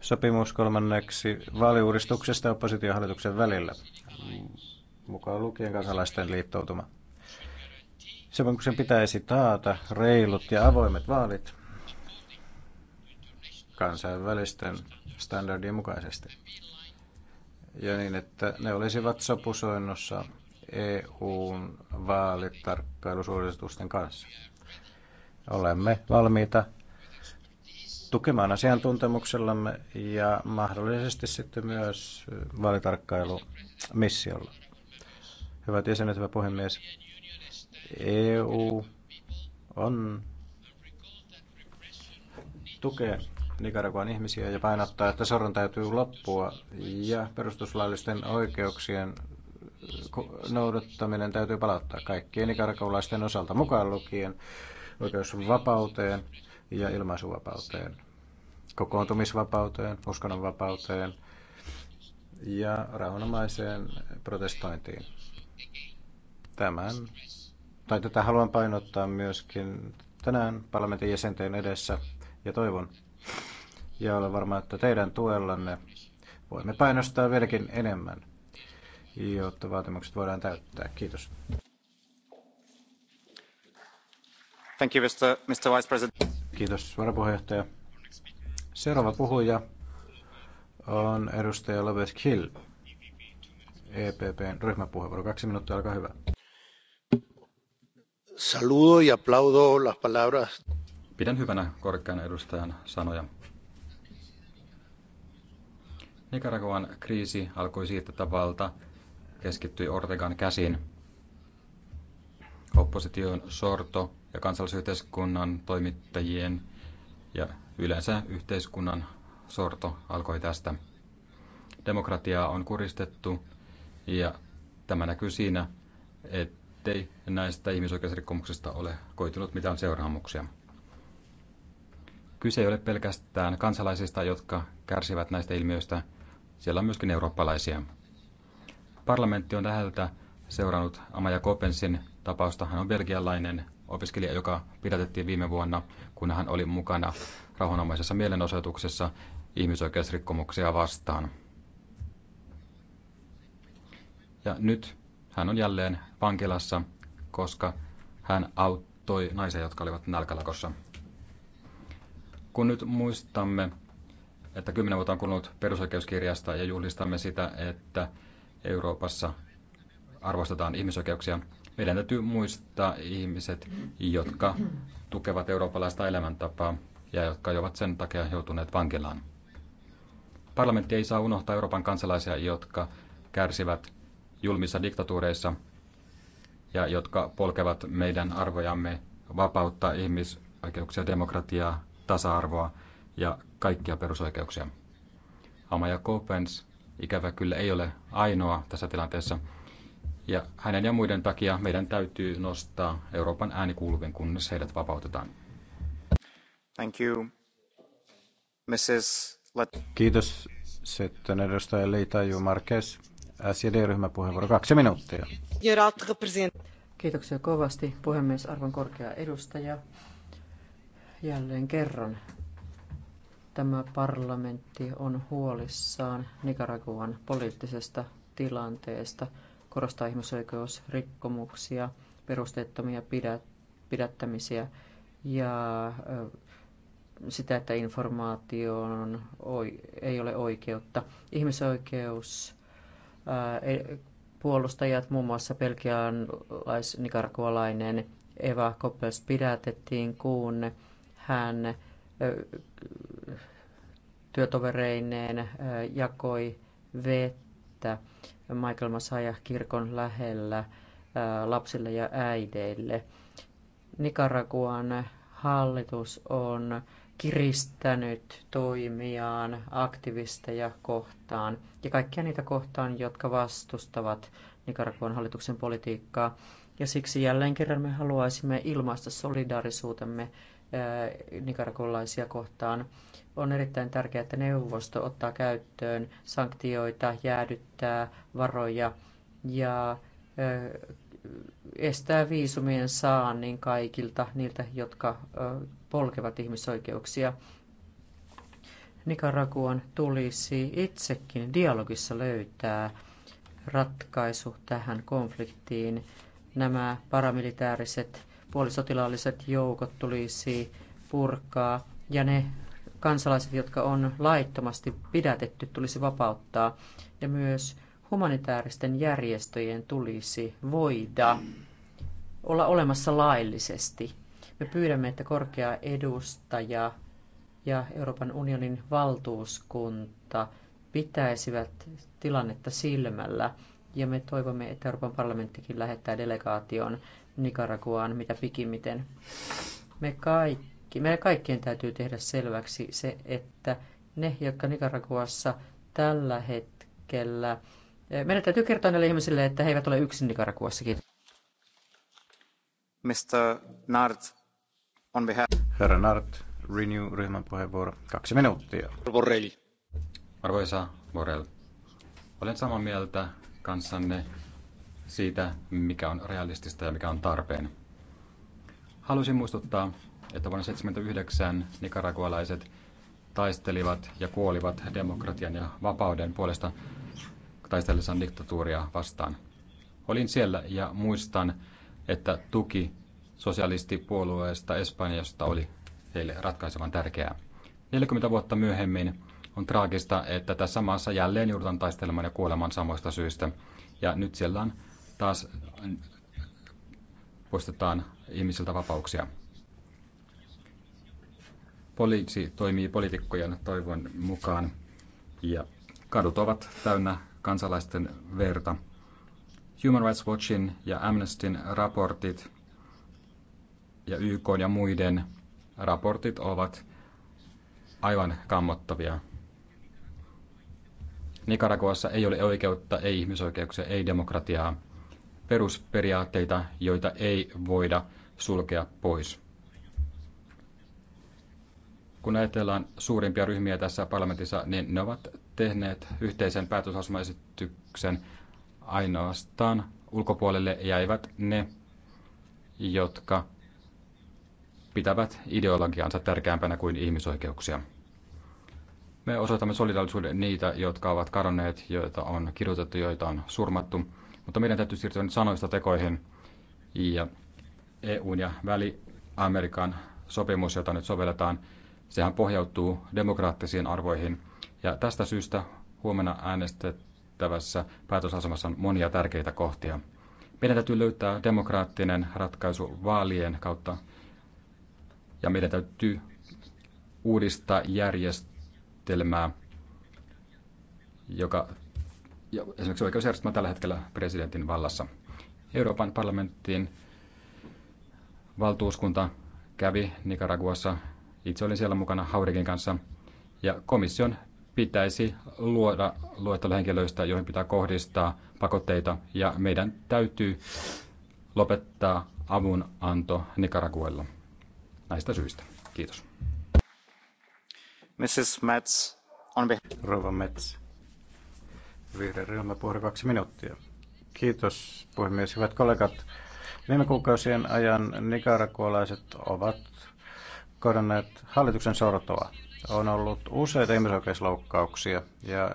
sopimus kolmanneksi vaaliuudistuksesta oppositiohallituksen välillä, mukaan lukien kansalaisten liittoutuma. Sopimuksen pitäisi taata reilut ja avoimet vaalit kansainvälisten standardien mukaisesti ja niin, että ne olisivat sopusoinnossa EUn vaalitarkkailusuositusten kanssa. Olemme valmiita tukemaan asiantuntemuksellamme ja mahdollisesti sitten myös vaalitarkkailumissiolla. Hyvät jäsenet, hyvä puhemies, EU on tukee Nicaraguan ihmisiä ja painottaa, että sorron täytyy loppua ja perustuslaillisten oikeuksien noudattaminen täytyy palauttaa kaikkien nikaragualaisten osalta mukaan lukien oikeusvapauteen ja ilmaisuvapauteen, kokoontumisvapauteen, uskonnonvapauteen ja rauhanomaiseen protestointiin. Tämän, tai tätä haluan painottaa myöskin tänään parlamentin jäsenten edessä ja toivon ja olen varma, että teidän tuellanne voimme painostaa vieläkin enemmän, jotta vaatimukset voidaan täyttää. Kiitos. Thank you, Mr. Vice President. Kiitos varapuheenjohtaja. Seuraava puhuja on edustaja Lovet Kill, EPPn ryhmäpuheenvuoro. Kaksi minuuttia, olkaa hyvä. Saludo ja aplaudo las palabras. Pidän hyvänä korkean edustajan sanoja. Nicaraguan kriisi alkoi siitä, että valta keskittyi Ortegan käsiin. Opposition sorto ja kansalaisyhteiskunnan toimittajien ja yleensä yhteiskunnan sorto alkoi tästä. Demokratiaa on kuristettu ja tämä näkyy siinä, ettei näistä ihmisoikeusrikkomuksista ole koitunut mitään seuraamuksia. Kyse ei ole pelkästään kansalaisista, jotka kärsivät näistä ilmiöistä, siellä on myöskin eurooppalaisia. Parlamentti on läheltä seurannut Amaja Kopensin tapausta. Hän on belgialainen opiskelija, joka pidätettiin viime vuonna, kun hän oli mukana rauhanomaisessa mielenosoituksessa ihmisoikeusrikkomuksia vastaan. Ja nyt hän on jälleen vankilassa, koska hän auttoi naisia, jotka olivat nälkälakossa. Kun nyt muistamme, että kymmenen vuotta on kulunut perusoikeuskirjasta ja juhlistamme sitä, että Euroopassa arvostetaan ihmisoikeuksia, meidän täytyy muistaa ihmiset, jotka tukevat eurooppalaista elämäntapaa ja jotka ovat sen takia joutuneet vankilaan. Parlamentti ei saa unohtaa Euroopan kansalaisia, jotka kärsivät julmissa diktatuureissa ja jotka polkevat meidän arvojamme vapautta, ihmisoikeuksia, demokratiaa, tasa-arvoa ja kaikkia perusoikeuksia. Amaya Kopens ikävä kyllä ei ole ainoa tässä tilanteessa. Ja hänen ja muiden takia meidän täytyy nostaa Euroopan ääni kuuluvien kunnes heidät vapautetaan. Thank you. Mrs. Let- Kiitos. Sitten edustaja Leita Ju Marquez, SJD-ryhmän puheenvuoro. Kaksi minuuttia. Kiitoksia kovasti, puhemies, arvon korkea edustaja. Jälleen kerran tämä parlamentti on huolissaan Nicaraguan poliittisesta tilanteesta – korostaa ihmisoikeusrikkomuksia, perusteettomia pidät, pidättämisiä ja sitä, että informaatioon ei ole oikeutta. Ihmisoikeus e, puolustajat, muun muassa belgialais-nikarakualainen Eva Koppels pidätettiin, kun hän työtovereineen jakoi vettä että Michael Masaja kirkon lähellä lapsille ja äideille. Nicaraguan hallitus on kiristänyt toimiaan aktivisteja kohtaan ja kaikkia niitä kohtaan, jotka vastustavat Nicaraguan hallituksen politiikkaa. Ja siksi jälleen kerran me haluaisimme ilmaista solidaarisuutemme nikaragolaisia kohtaan. On erittäin tärkeää, että neuvosto ottaa käyttöön sanktioita, jäädyttää varoja ja estää viisumien saannin kaikilta niiltä, jotka polkevat ihmisoikeuksia. Nicaraguan tulisi itsekin dialogissa löytää ratkaisu tähän konfliktiin. Nämä paramilitaariset puolisotilaalliset joukot tulisi purkaa ja ne kansalaiset, jotka on laittomasti pidätetty, tulisi vapauttaa. Ja myös humanitaaristen järjestöjen tulisi voida olla olemassa laillisesti. Me pyydämme, että korkea edustaja ja Euroopan unionin valtuuskunta pitäisivät tilannetta silmällä. Ja me toivomme, että Euroopan parlamenttikin lähettää delegaation Nicaraguaan mitä pikimmiten. Me kaikki meidän kaikkien täytyy tehdä selväksi se, että ne, jotka Nicaraguassa tällä hetkellä... Eh, meidän täytyy kertoa näille ihmisille, että he eivät ole yksin Nicaraguassakin. Mr. Nard, on behalf... Herra Nard, Renew-ryhmän puheenvuoro. Kaksi minuuttia. Borrelli. Arvoisa Borrell, olen samaa mieltä kanssanne siitä, mikä on realistista ja mikä on tarpeen. Haluaisin muistuttaa, että vuonna 1979 nikaragualaiset taistelivat ja kuolivat demokratian ja vapauden puolesta taistellessaan diktatuuria vastaan. Olin siellä ja muistan, että tuki sosialistipuolueesta Espanjasta oli heille ratkaisevan tärkeää. 40 vuotta myöhemmin on traagista, että tässä maassa jälleen joudutaan taistelemaan ja kuolemaan samoista syistä. Ja nyt siellä on taas poistetaan ihmisiltä vapauksia poliisi toimii poliitikkojen toivon mukaan ja kadut ovat täynnä kansalaisten verta. Human Rights Watchin ja Amnesty'n raportit ja YK ja muiden raportit ovat aivan kammottavia. Nicaraguassa ei ole oikeutta, ei ihmisoikeuksia, ei demokratiaa, perusperiaatteita, joita ei voida sulkea pois. Kun ajatellaan suurimpia ryhmiä tässä parlamentissa, niin ne ovat tehneet yhteisen päätöslausumaesityksen ainoastaan ulkopuolelle jäivät ne, jotka pitävät ideologiansa tärkeämpänä kuin ihmisoikeuksia. Me osoitamme solidaarisuuden niitä, jotka ovat kadonneet, joita on kirjoitettu, joita on surmattu, mutta meidän täytyy siirtyä nyt sanoista tekoihin. Ja EUn ja Väli-Amerikan sopimus, jota nyt sovelletaan, Sehän pohjautuu demokraattisiin arvoihin. Ja tästä syystä huomenna äänestettävässä päätösasemassa on monia tärkeitä kohtia. Meidän täytyy löytää demokraattinen ratkaisu vaalien kautta. Ja meidän täytyy uudistaa järjestelmää, joka ja esimerkiksi oikeusjärjestelmä tällä hetkellä presidentin vallassa. Euroopan parlamenttiin valtuuskunta kävi Nicaraguassa itse olin siellä mukana Haurikin kanssa. Ja komission pitäisi luoda luettelo henkilöistä, joihin pitää kohdistaa pakotteita. Ja meidän täytyy lopettaa avunanto Nicaraguella näistä syistä. Kiitos. Mrs. Metz, on Rova Metz. Vihreän ryhmäpuhe kaksi minuuttia. Kiitos puhemies. Hyvät kollegat, viime kuukausien ajan nikarakuolaiset ovat kohdanneet hallituksen sortoa. On ollut useita ihmisoikeusloukkauksia ja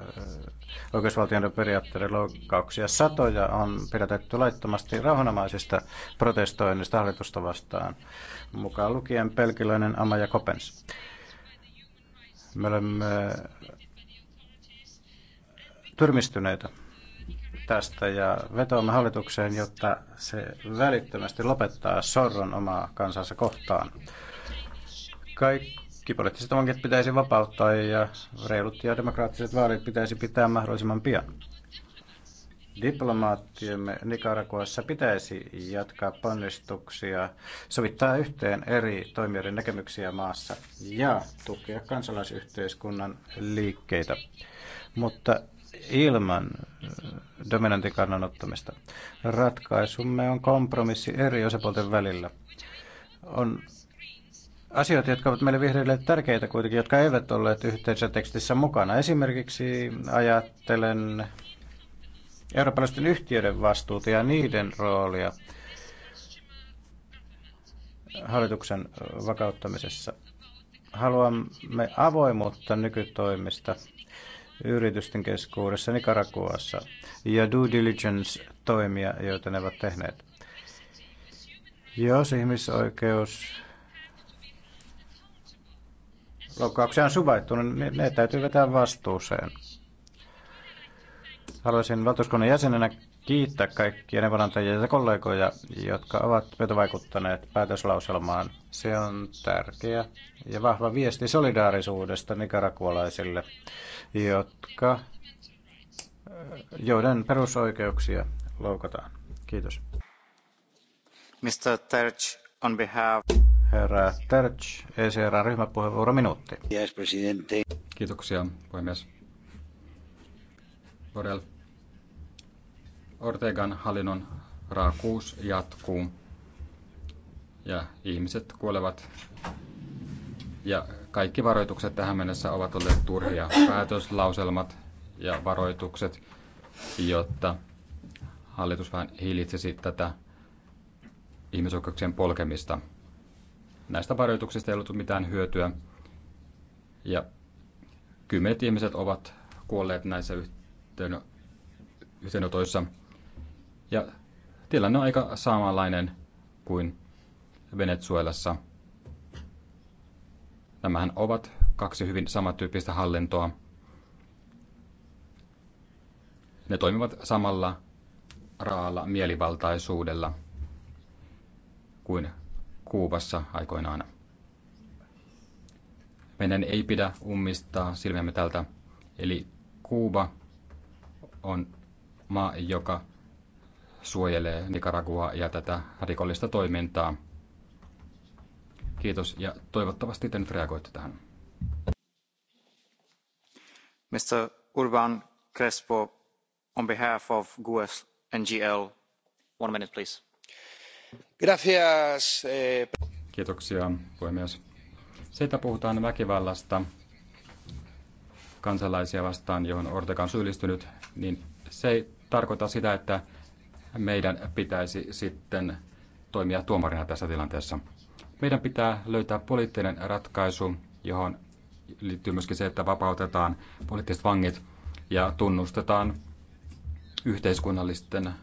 oikeusvaltion periaatteiden loukkauksia. Satoja on pidätetty laittomasti rauhanomaisista protestoinnista hallitusta vastaan, mukaan lukien pelkiläinen Ama ja Kopens. Me olemme tyrmistyneitä tästä ja vetoamme hallitukseen, jotta se välittömästi lopettaa sorron omaa kansansa kohtaan. Kaikki poliittiset vangit pitäisi vapauttaa ja reilut ja demokraattiset vaalit pitäisi pitää mahdollisimman pian. Diplomaattiemme Nicaraguassa pitäisi jatkaa ponnistuksia, sovittaa yhteen eri toimijoiden näkemyksiä maassa ja tukea kansalaisyhteiskunnan liikkeitä, mutta ilman dominantin kannan ottamista. Ratkaisumme on kompromissi eri osapuolten välillä. On asioita, jotka ovat meille vihreille tärkeitä kuitenkin, jotka eivät olleet yhteisessä tekstissä mukana. Esimerkiksi ajattelen eurooppalaisten yhtiöiden vastuuta ja niiden roolia hallituksen vakauttamisessa. Haluamme avoimuutta nykytoimista yritysten keskuudessa Nicaraguassa ja due diligence-toimia, joita ne ovat tehneet. Jos ihmisoikeus loukkauksia on suvaittu, niin ne täytyy vetää vastuuseen. Haluaisin valtuuskunnan jäsenenä kiittää kaikkia neuvonantajia ja kollegoja, jotka ovat vetovaikuttaneet päätöslauselmaan. Se on tärkeä ja vahva viesti solidaarisuudesta nikarakuolaisille, jotka, joiden perusoikeuksia loukataan. Kiitos. Mr. Terch, on behalf... Herra Terch, ECR-ryhmäpuheenvuoro minuutti. Yes, presidente. Kiitoksia, puhemies. Borel. Ortegan hallinnon raakuus jatkuu ja ihmiset kuolevat. Ja kaikki varoitukset tähän mennessä ovat olleet turhia päätöslauselmat ja varoitukset, jotta hallitus vähän hillitsisi tätä ihmisoikeuksien polkemista. Näistä varoituksista ei ollut mitään hyötyä. Ja kymmenet ihmiset ovat kuolleet näissä yhteen, yhteenotoissa. Ja tilanne on aika samanlainen kuin Venezuelassa. Nämähän ovat kaksi hyvin samantyyppistä hallintoa. Ne toimivat samalla raalla mielivaltaisuudella – kuin Kuubassa aikoinaan. Meidän ei pidä ummistaa silmiämme tältä. Eli Kuuba on maa, joka suojelee Nicaraguaa ja tätä rikollista toimintaa. Kiitos ja toivottavasti te nyt reagoitte tähän. Mr. Urban Crespo, on behalf of GUES NGL, one minute please Eh, Kiitoksia, puhemies. Siitä puhutaan väkivallasta kansalaisia vastaan, johon Ortega on syyllistynyt, niin se ei tarkoita sitä, että meidän pitäisi sitten toimia tuomarina tässä tilanteessa. Meidän pitää löytää poliittinen ratkaisu, johon liittyy myöskin se, että vapautetaan poliittiset vangit ja tunnustetaan yhteiskunnallisten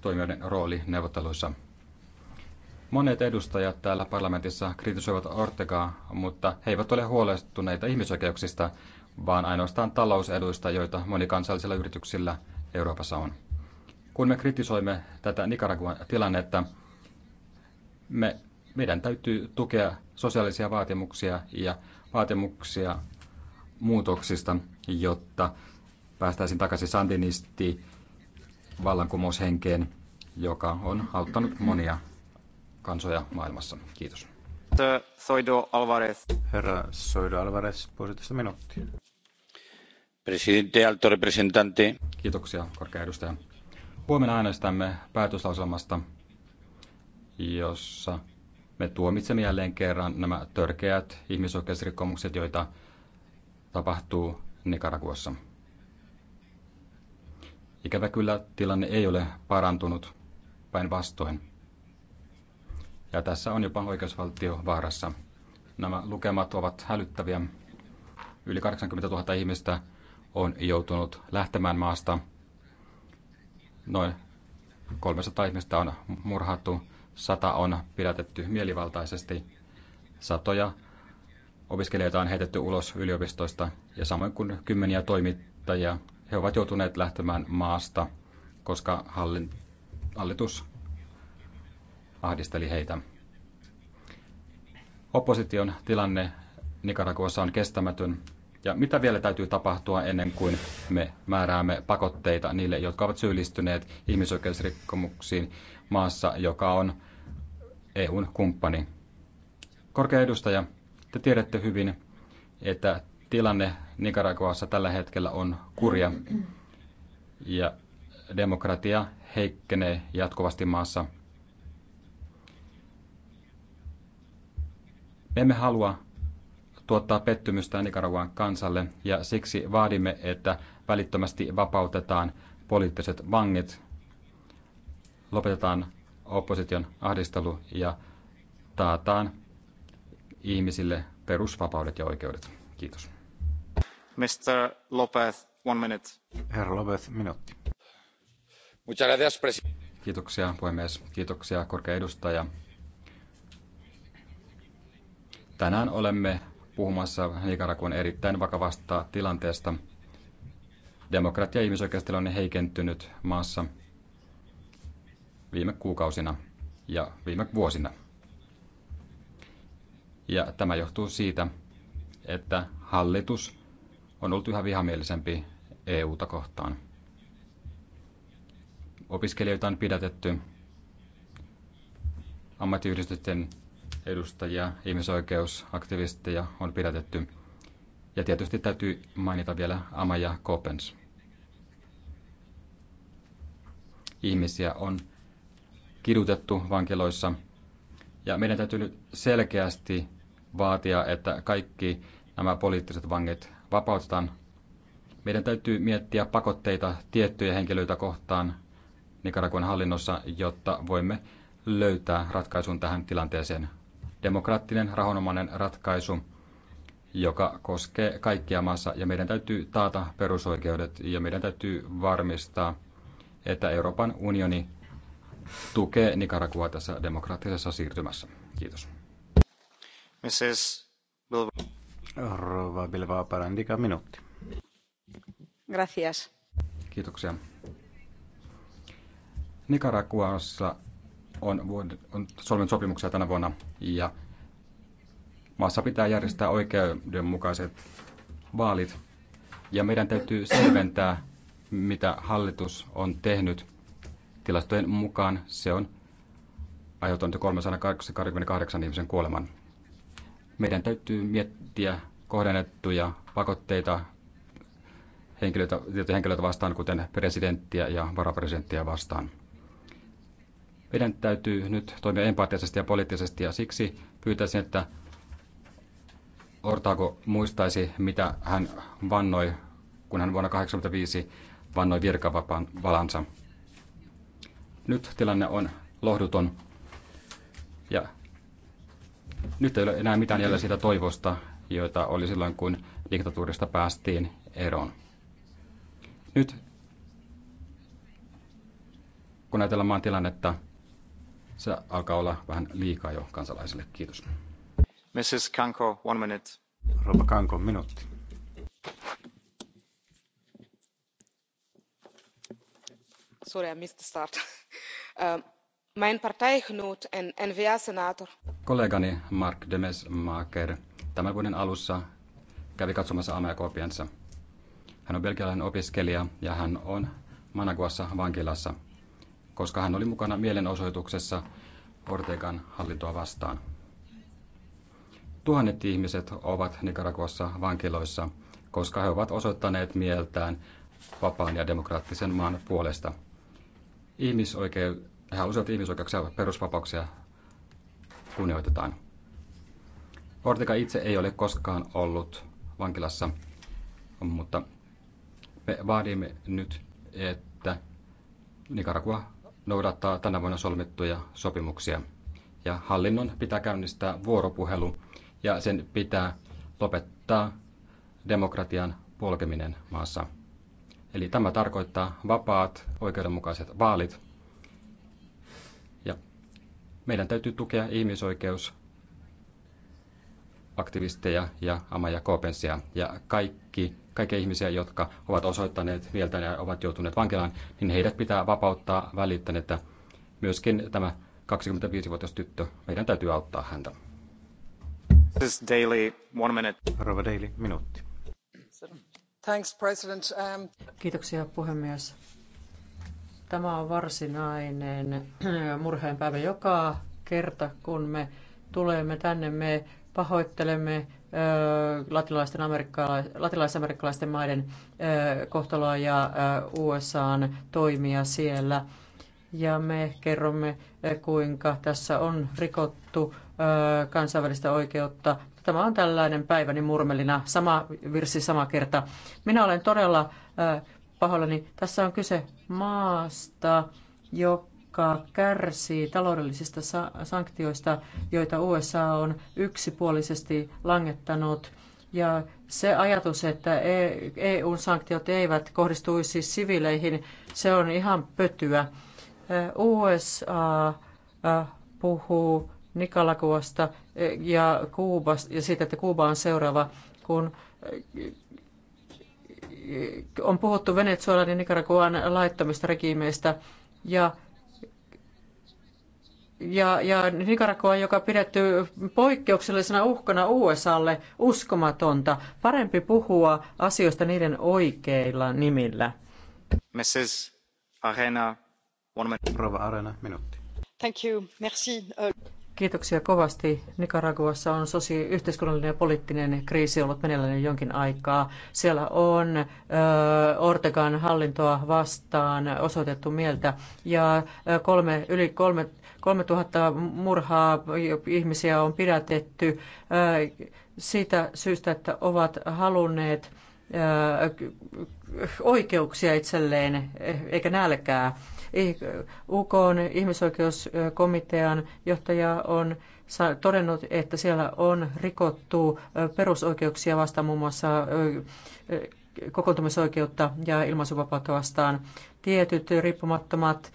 toimijoiden rooli neuvotteluissa. Monet edustajat täällä parlamentissa kritisoivat Ortegaa, mutta he eivät ole huolestuneita ihmisoikeuksista, vaan ainoastaan talouseduista, joita monikansallisilla yrityksillä Euroopassa on. Kun me kritisoimme tätä Nicaraguan tilannetta, me, meidän täytyy tukea sosiaalisia vaatimuksia ja vaatimuksia muutoksista, jotta päästäisiin takaisin sandinisti vallankumoushenkeen, joka on auttanut monia kansoja maailmassa. Kiitos. Soido Alvarez. Herra Soido Alvarez, puolitoista minuuttia. Presidente, alto representante. Kiitoksia, korkea edustaja. Huomenna äänestämme päätöslauselmasta, jossa me tuomitsemme jälleen kerran nämä törkeät ihmisoikeusrikkomukset, joita tapahtuu Nicaraguassa. Ikävä kyllä tilanne ei ole parantunut, päinvastoin. Ja tässä on jopa oikeusvaltio vaarassa. Nämä lukemat ovat hälyttäviä. Yli 80 000 ihmistä on joutunut lähtemään maasta. Noin 300 ihmistä on murhattu, sata on pidätetty mielivaltaisesti, satoja opiskelijoita on heitetty ulos yliopistoista ja samoin kuin kymmeniä toimittajia. He ovat joutuneet lähtemään maasta, koska hallitus ahdisteli heitä. Opposition tilanne Nicaraguassa on kestämätön. Ja mitä vielä täytyy tapahtua ennen kuin me määräämme pakotteita niille, jotka ovat syyllistyneet ihmisoikeusrikkomuksiin maassa, joka on EUn kumppani? Korkea edustaja, te tiedätte hyvin, että tilanne Nicaraguassa tällä hetkellä on kurja ja demokratia heikkenee jatkuvasti maassa. Me emme halua tuottaa pettymystä Nicaraguan kansalle ja siksi vaadimme, että välittömästi vapautetaan poliittiset vangit, lopetetaan opposition ahdistelu ja taataan ihmisille perusvapaudet ja oikeudet. Kiitos. Mr. Lopez, one minute. Herra Lopez, minuutti. Kiitoksia puhemies, kiitoksia korkea edustaja Tänään olemme puhumassa Nicaraguan erittäin vakavasta tilanteesta. Demokratia- ja ihmisoikeustilanne on heikentynyt maassa viime kuukausina ja viime vuosina. Ja tämä johtuu siitä, että hallitus on ollut yhä vihamielisempi EU-ta kohtaan. Opiskelijoita on pidätetty, ammattiyhdistysten edustajia, ihmisoikeusaktivisteja on pidätetty. Ja tietysti täytyy mainita vielä Amaja Kopens. Ihmisiä on kidutettu vankiloissa. Ja meidän täytyy nyt selkeästi vaatia, että kaikki nämä poliittiset vangit vapautetaan. Meidän täytyy miettiä pakotteita tiettyjä henkilöitä kohtaan Nicaraguan hallinnossa, jotta voimme löytää ratkaisun tähän tilanteeseen demokraattinen rahonomainen ratkaisu, joka koskee kaikkia maassa ja meidän täytyy taata perusoikeudet ja meidän täytyy varmistaa, että Euroopan unioni tukee Nicaragua tässä demokraattisessa siirtymässä. Kiitos. Mrs. Bilbao. Rouva Bilbao Parandika, minuutti. Gracias. Kiitoksia. Nicaraguassa on, on solminut sopimuksia tänä vuonna ja maassa pitää järjestää oikeudenmukaiset vaalit. Ja meidän täytyy selventää, mitä hallitus on tehnyt. Tilastojen mukaan se on aiheuttanut 328 ihmisen kuoleman. Meidän täytyy miettiä kohdennettuja pakotteita henkilöitä, henkilöitä vastaan, kuten presidenttiä ja varapresidenttiä vastaan. Meidän täytyy nyt toimia empaattisesti ja poliittisesti ja siksi pyytäisin, että Ortaako muistaisi, mitä hän vannoi, kun hän vuonna 1985 vannoi virkavapaan valansa. Nyt tilanne on lohduton ja nyt ei ole enää mitään jäljellä siitä toivosta, joita oli silloin, kun diktatuurista päästiin eroon. Nyt kun ajatellaan maan tilannetta, se alkaa olla vähän liikaa jo kansalaisille. Kiitos. Mrs. Kanko, one minute. Rouva Kanko, minuutti. Sorry, I missed the start. Uh, mein Parteigenoot en NVA-senator. Kollegani Mark Demesmaker tämän vuoden alussa kävi katsomassa aamujakopiansa. Hän on belgialainen opiskelija ja hän on Managuassa vankilassa – koska hän oli mukana mielenosoituksessa Ortegan hallintoa vastaan. Tuhannet ihmiset ovat Nicaraguassa vankiloissa, koska he ovat osoittaneet mieltään vapaan ja demokraattisen maan puolesta. Ihmisoikeu- he halusivat ihmisoikeuksia ja perusvapauksia kunnioitetaan. Ortega itse ei ole koskaan ollut vankilassa, mutta me vaadimme nyt, että Nicaragua noudattaa tänä vuonna solmittuja sopimuksia. Ja hallinnon pitää käynnistää vuoropuhelu ja sen pitää lopettaa demokratian polkeminen maassa. Eli tämä tarkoittaa vapaat, oikeudenmukaiset vaalit. Ja meidän täytyy tukea ihmisoikeus aktivisteja ja Amaja Koopensia ja kaikki, kaikki ihmisiä, jotka ovat osoittaneet mieltä ja ovat joutuneet vankilaan, niin heidät pitää vapauttaa että Myöskin tämä 25-vuotias tyttö, meidän täytyy auttaa häntä. This is daily, one minute. Rova Daily, minuutti. Thanks, President. Um... Kiitoksia puhemies. Tämä on varsinainen murheenpäivä joka kerta, kun me tulemme tänne, me pahoittelemme latinalaisamerikkalaisten maiden kohtaloa ja USAn toimia siellä. Ja me kerromme, kuinka tässä on rikottu kansainvälistä oikeutta. Tämä on tällainen päiväni murmelina, sama virsi, sama kerta. Minä olen todella pahoillani. Tässä on kyse maasta, joka joka kärsii taloudellisista sanktioista, joita USA on yksipuolisesti langettanut. Ja se ajatus, että EUn e sanktiot eivät kohdistuisi siviileihin, se on ihan pötyä. USA puhuu Nikalakuasta ja, Kuubasta, ja siitä, että Kuuba on seuraava, kun on puhuttu Venezuelan ja Nicaraguan laittomista regiimeistä ja ja, ja Nicaragua, joka pidetty poikkeuksellisena uhkana USAlle, uskomatonta. Parempi puhua asioista niiden oikeilla nimillä. Mrs. Arena, one minute. Rova Arena, minuutti. Thank you, merci. Uh, Kiitoksia kovasti. Nicaraguassa on sosio yhteiskunnallinen ja poliittinen kriisi ollut meneillään jonkin aikaa. Siellä on ö, uh, Ortegan hallintoa vastaan osoitettu mieltä ja uh, kolme, yli kolme 3000 murhaa ihmisiä on pidätetty siitä syystä, että ovat halunneet oikeuksia itselleen, eikä nälkää. Eh, UK on ihmisoikeuskomitean johtaja on todennut, että siellä on rikottu perusoikeuksia vasta muun muassa kokoontumisoikeutta ja ilmaisuvapautta vastaan. Tietyt riippumattomat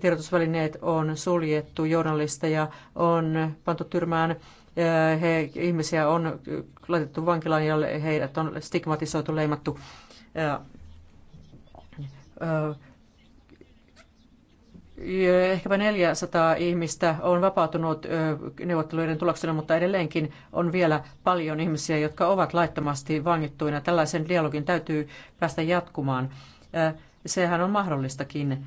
tiedotusvälineet on suljettu, journalisteja on pantu tyrmään, he, ihmisiä on laitettu vankilaan ja heidät on stigmatisoitu, leimattu Ehkäpä 400 ihmistä on vapautunut neuvotteluiden tuloksena, mutta edelleenkin on vielä paljon ihmisiä, jotka ovat laittomasti vangittuina. Tällaisen dialogin täytyy päästä jatkumaan. Sehän on mahdollistakin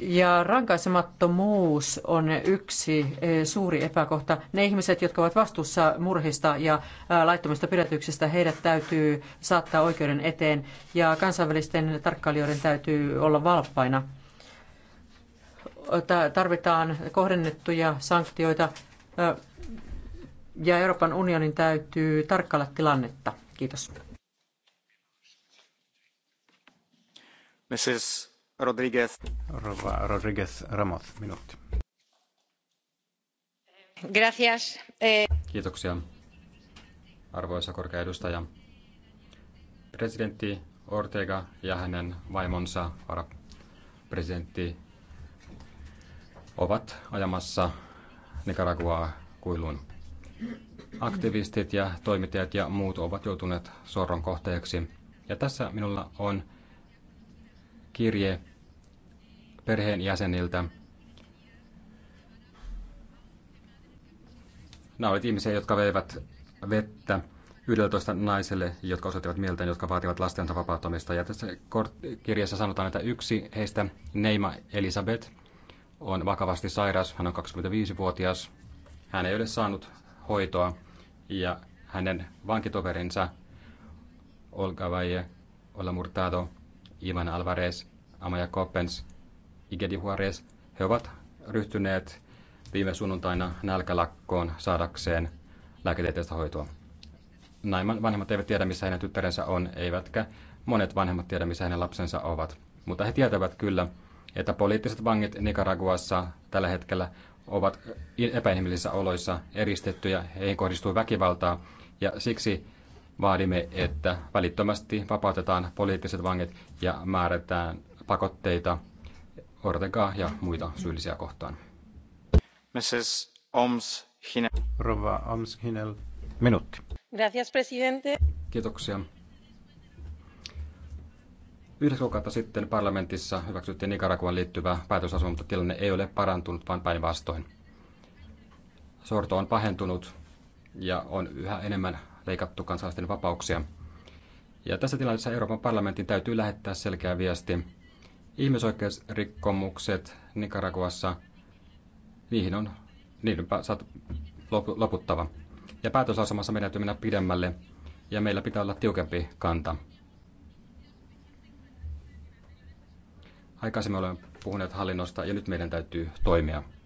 ja rankaisemattomuus on yksi eh, suuri epäkohta. Ne ihmiset, jotka ovat vastuussa murhista ja eh, laittomista pidätyksistä, heidät täytyy saattaa oikeuden eteen ja kansainvälisten tarkkailijoiden täytyy olla valppaina. Tarvitaan kohdennettuja sanktioita eh, ja Euroopan unionin täytyy tarkkailla tilannetta. Kiitos. Mrs. Rodriguez. Rova, Rodriguez Ramos, minuutti. Gracias. Eh, Kiitoksia, arvoisa korkea edustaja. Presidentti Ortega ja hänen vaimonsa presidentti ovat ajamassa Nicaraguaa kuiluun. Aktivistit ja toimittajat ja muut ovat joutuneet sorron kohteeksi. Ja tässä minulla on kirje perheenjäseniltä. Nämä olivat ihmisiä, jotka veivät vettä 11 naiselle, jotka osoittivat mieltään, jotka vaativat lastensa vapauttamista. Ja tässä kirjassa sanotaan, että yksi heistä, Neima Elisabeth, on vakavasti sairas. Hän on 25-vuotias. Hän ei ole saanut hoitoa ja hänen vankitoverinsa Olga Valle, Olla Murtado, Ivan Alvarez, Amaya Coppens – Igedi Juarez, he ovat ryhtyneet viime sunnuntaina nälkälakkoon saadakseen lääketieteellistä hoitoa. Naiman vanhemmat eivät tiedä, missä hänen tyttärensä on, eivätkä monet vanhemmat tiedä, missä hänen lapsensa ovat. Mutta he tietävät kyllä, että poliittiset vangit Nicaraguassa tällä hetkellä ovat epäinhimillisissä oloissa eristettyjä, heihin kohdistuu väkivaltaa ja siksi vaadimme, että välittömästi vapautetaan poliittiset vangit ja määrätään pakotteita Ortegaa ja muita syyllisiä kohtaan. Mrs. Oms Hinel. Rova Oms Hinel. Minuutti. Gracias, presidente. Kiitoksia. Yhdeksän kuukautta sitten parlamentissa hyväksyttiin Nicaraguan liittyvä päätösasema, mutta tilanne ei ole parantunut, vaan päinvastoin. Sorto on pahentunut ja on yhä enemmän leikattu kansalaisten vapauksia. Ja tässä tilanteessa Euroopan parlamentin täytyy lähettää selkeä viesti Ihmisoikeusrikkomukset Nicaraguassa, niihin on niiden saat loputtava. Ja päätösasemassa meidän täytyy mennä pidemmälle ja meillä pitää olla tiukempi kanta. Aikaisemmin olemme puhuneet hallinnosta ja nyt meidän täytyy toimia.